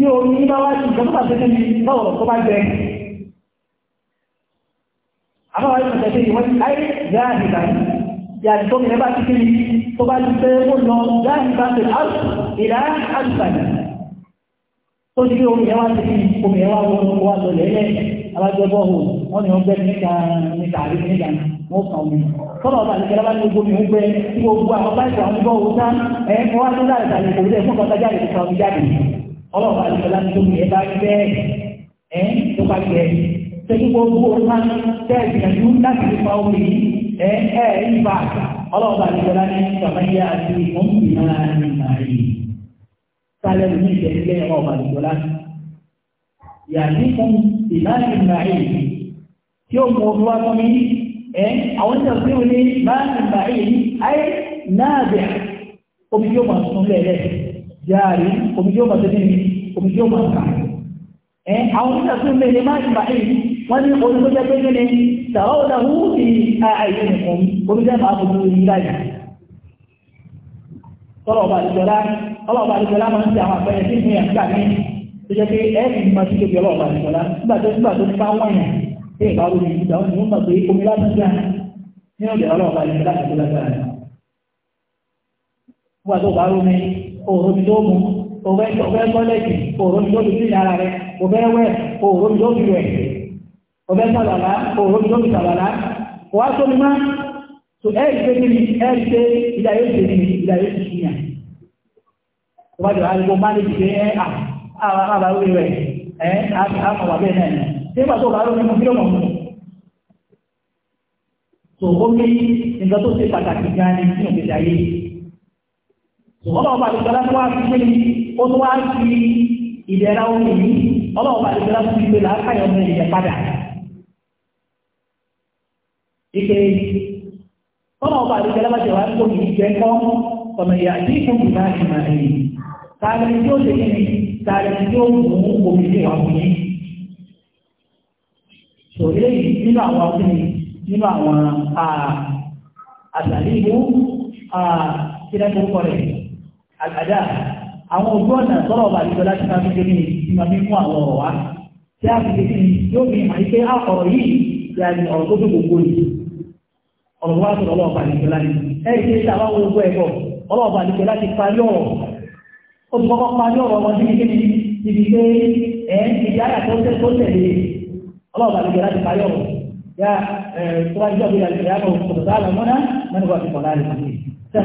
tí omi bá wá sí ìjọba tó tẹ́lẹ̀ lọ́wọ́ tó bá jẹ. Àbáwá yóò tẹ̀lé ìwọ́n ti láì gáàdì láì. Yàtì tó mìíràn bá ti kiri tó bá ti fẹ́ ó lọ gáàdì bá ti áù ìlà àdùbàdì. Tó ti rí omi yẹn wá ti kiri omi yẹn wá wọ́n wá lọ lẹ́lẹ̀ alájọ ni wọ́n gbẹ́ níta níta àbí níta wọ́n kàn mí. Tọ́lá ọba àti kẹlẹ́ bá ní gbogbo mi ń gbẹ tí gbogbo àwọn báyìí àwọn bọ́ọ̀hù sá ẹ̀ wọ́n á tún láì sàlẹ̀ kò ọlọ́run àti ọlá tó yẹ bá bẹ́ẹ̀ ẹ́ tó bá yẹ sẹ́yìn gbogbo ọ̀la tẹ́ẹ̀sì ẹ̀dú láti fi pa omi ẹ̀ ẹ̀ ìfà ọlọ́run àti ọlá ní sàmáyà àti mọ́mùnà àyè sálẹ̀ ní ìṣẹ̀lẹ̀ ọ̀la àti ọlá yàtí fún ìlànà ìgbàyè tí ó mú ọdún wá fún mi ẹ àwọn tí a fi wọlé máa ń gbàyè ayé náà bẹ̀rẹ̀ omi yóò máa sún lẹ́lẹ́sì jáàrí omi yóò máa tẹ́lẹ̀ omi yóò máa kà ẹ́ àwọn oníṣẹ́ tó mẹ́lẹ̀ máa ń bà ẹ́ wọ́n ní omi tó jẹ́ pé ní sàrọ́ ọ̀dà wú ní ààyè nìkan omi jẹ́ máa fojú orí láyà tọ́lọ̀ ọba àdìjọlá ọlọ́ ọba àdìjọlá máa ń ti àwọn àpẹẹrẹ tí ìpínyà nígbà ní tó jẹ́ pé ẹ́ fi máa ti tóbi ọlọ́ ọba àdìjọlá nígbà tó nígbà tó ní bá wọ̀n yàn ni wọ́n mọ̀ pé omi lásìkò ní òòrùn tó mú o tọ́lẹ̀tì òòrùn tó fi sí ara rẹ̀ òfẹ́ wẹ̀ òòrùn tó fi wẹ̀ òfẹ́ sàlàlá òòrùn tó fi sàlàlá wà á tóbi tó ẹ̀rì pé kí ìdáyé ní ìdáyé yàn rẹ̀ bẹ́ẹ̀ náà tó ó ní nǹkan tó ṣe pàtàkì gan ọlọ́ọ̀bà ìgbàlá tó wá fi ó tó wá fi ìdẹ̀ra omi yìí ọlọ́ọ̀bà ìgbàlá tó fi pé làákàyọ̀ ọmọ ìdẹ̀ padà. Ike ọlọ́ọ̀bà ìgbàlá bá jẹ̀ wá kó ní ìjẹ́ kọ́ ọ̀nà ìyá tí kò kù náà ti máa mú omi ní yìí. Sòrí nínú àwọn nínú àwọn ah, àtàlí ah, ìlú àgbàdá àwọn ojú ọ̀nà sọ̀rọ̀ ọba àdìjọ láti máa fi gbẹ́gbẹ́ ní máa fi mú àwọn ọ̀rọ̀ wá tí a fi gbẹ́gbẹ́ yóò fi hàn pé á ah, ọ̀rọ̀ yìí ti àyè ọ̀rọ̀ tó tó gbogbo yìí ọ̀rọ̀ wá sọ̀rọ̀ ọlọ́ọ̀ba àdìjọ láti ẹ̀ ṣe é sábà wo gbogbo ẹ̀kọ́ ọlọ́ọ̀ba àdìjọ láti parí ọ̀rọ̀ ó ti kọ́kọ́ parí ọ̀rọ̀ wọn níbi kíni níbi pé ẹ̀ ìdí ayà tó tẹ́ tó tẹ̀lé ọlọ́ọ̀ba àdìjọ láti parí ẹ̀ tó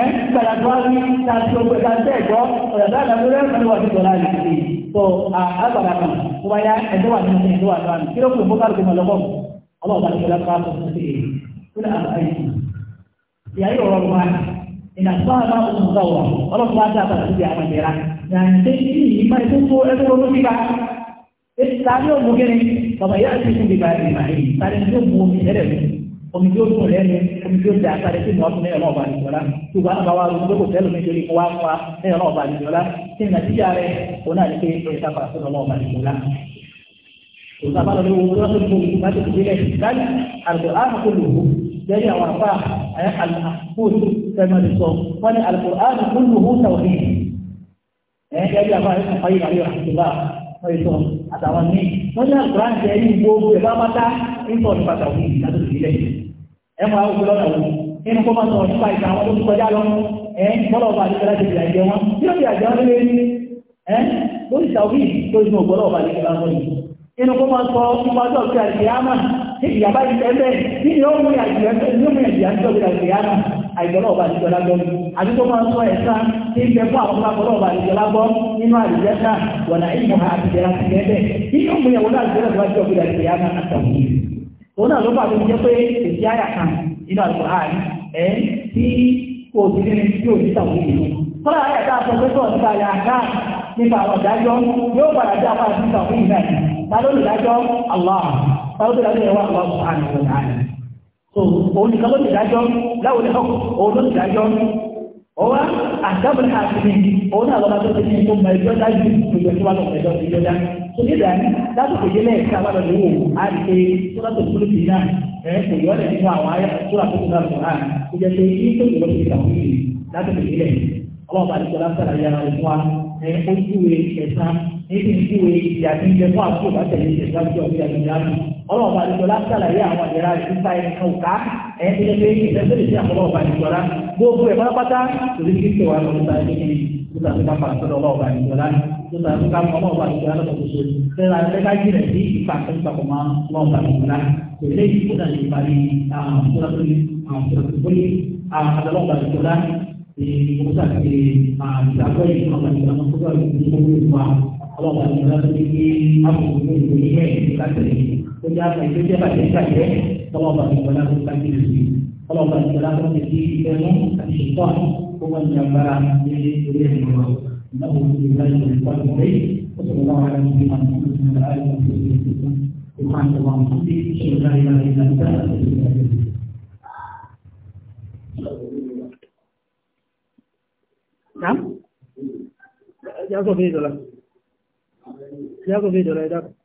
ẹ́ gbàdàgbà rí tàbí ọgbẹ́ tàbí ẹ̀gbọ́ ọ̀dàdà àdàbí rẹ̀ fún ìwà títọ̀ láàyè sí tó àgbàdà kan tó bá yá ẹ̀dọ́ wà nínú ẹ̀dọ́ wà nínú kí ló kù fún kálukú mọ̀ lọ́kọ̀ ọlọ́ọ̀bá ti fẹ́lá fún àkókò sí i fún àbáyé ìyá yóò rọrùn wá ìdàgbà máa ń sọ wọ ọlọ́ọ̀bá bá dá àbàtà síbi àwọn ìlera yàtí ìmọ̀ ìtútù ẹgbẹ́ olómi bá tàbí òmùgẹ́ni bàbá omi tí ó dùn lẹ́nu omi tí ó dà sáré tí mo fún ẹ̀rọ ọ̀bà nìjọ́lá tí o bá náà bá wá lóṣù lóko tẹ́lẹ̀ méjì orí wá fún wa ẹ̀rọ ọ̀bà nìjọ́lá tí nàìjíríà rẹ̀ òun náà ní pé ẹ̀ sábà fún ọmọ ọ̀bà nìjọ́lá. òun sábà lọ lówó lọ́sọ̀ tó lù bá tètè délẹ̀ láti àgbẹ̀ áàkó lò ó lẹ́yìn àwọn afá àkóòtù tẹ́lẹ̀ sọ wọ́n ní àlùkò áàkó lò ó tàwọn ọ̀ẹ̀tọ̀ àtàwọn míì wọ́n ní àgbà ń jẹ́ ní gbogbo ẹ̀ bá pátá nípọ̀ ní pàtàkì ìdájọ́ ìbílẹ̀ ẹ̀ máa wọ́n lọ́nà wọn nínú kó máa sọ̀rọ̀ nípa ìta àwọn tó ti kọjá lọ ẹ̀ bọ́lọ̀ ọba àti ìjọba ti fi àjẹ wọn tí ó fi àjẹ wọn lé ní ẹ̀ ó sì sàwí tó ní ògbọ́lọ̀ ọba àti ìjọba wọn yìí nínú kó máa sọ nípa tó ti àjẹ àmà ní ìyàbá àìgbọ́lọ́ ọba àdìjọ lágbọ́ àdìjọ máa ń sọ ẹ̀sán tí ń bẹ fún àwọn ọmọkọ̀lọ́ ọba àdìjọ lágbọ́ nínú àdìjọ náà wọ̀nà ìmọ̀ àdìjọ láti bẹ́ẹ̀ bẹ́ẹ̀ nínú ìmúyẹ̀wò náà àdìjọ láti wájú ọ̀gbìn àdìjọ yá máa tàwọn yìí òun náà ló bá tó jẹ́ pé èsì àyà kan nínú àdìjọ àárín ẹ̀ tí kò sí nínú tí ò ní tàwọn yìí fọ́nà àyà tá a sọ pé sọ̀rọ̀ nípa àyà àká nípa àwọn ìdájọ́ yóò padà dé apá àti ìtàwọn yìí náà ta ló lè dájọ́ Allah ta ló lè dájọ́ ìwà Allah subhanahu wa ta'ala òun nìkan ló ti dájọ́ láwọn ẹ̀họ́ òun ló ti dájọ́ ọwá àjábọ̀ ní àfihàn òun náà lọ́la tó ti ní ìfún ẹjọ́ dájú gbogbo ẹjọ́ wà lọ́wọ́ ẹjọ́ ìjọ dá tó ní ìdáni lásìkò yìí lẹ́yìn tí a bá lọ lè wò á rí pé tó bá tó kúrò sí náà ẹ̀ kò yọ lẹ̀ nínú àwọn ayé tó rà tó kúrò àtọ̀ náà kó jẹ́ pé kí tó kúrò sí ìtàkùn yìí lásìkò yìí lẹ̀ ọlọ́ọ̀bà ní sọlá sàlàyé ara rẹ̀ fún wa ojúwe ẹ̀sán níbi ìjúwe ìyá tí ń jẹ fún àbúrò bá tẹ̀lé ìṣẹ̀lẹ̀ láti ọ̀gbìn àgbìyànjú ọlọ́ọ̀bà àdìgbọ́lá sàlàyé àwọn ìlera ìfúnpa ẹnìkan òká ẹ̀yìn tó lè fi ìfẹ́ tó lè fi àwọn ọlọ́ọ̀bà àdìgbọ́lá gbogbo ẹ̀ pátápátá torí kí kí wà lọ nípa ẹni kí tó tà tó ká pa àtọ́lọ́ ọlọ́ọ̀bà àdìgbọ́lá tó tà tó ká pa ọlọ́ọ̀bà àdìgbọ́lá lọ́kọ̀ tó so fẹ́ra fẹ́ra jìnà sí ìfà tó ń ìmúta ti àgbàgbọ́ yìí náà wọ́n ti gbà mọ́tò báyìí ní ìlú wa ọlọ́wọ́ àti ìlú láti ní àbùkù ní ìlú yẹn ìlúkàtẹ̀ tó jẹ́ àgbà tó jẹ́ bàjẹ́ bàjẹ́ ọlọ́wọ́ àti ìlú láti ní kájí lùsì ọlọ́wọ́ àti ìlú láti ní ti ẹnu àti ìtọ́ kó wọ́n ti agbára ní orí ẹ̀rọ náà wọ́n ti gbà ní ìlú wa lórí ọ̀sọ̀ wọn wà láti ní àwọn ọmọ ìlú wa láti ní ìlú wa Na'am? Ya zo bai dola. Ya zo bai dola ya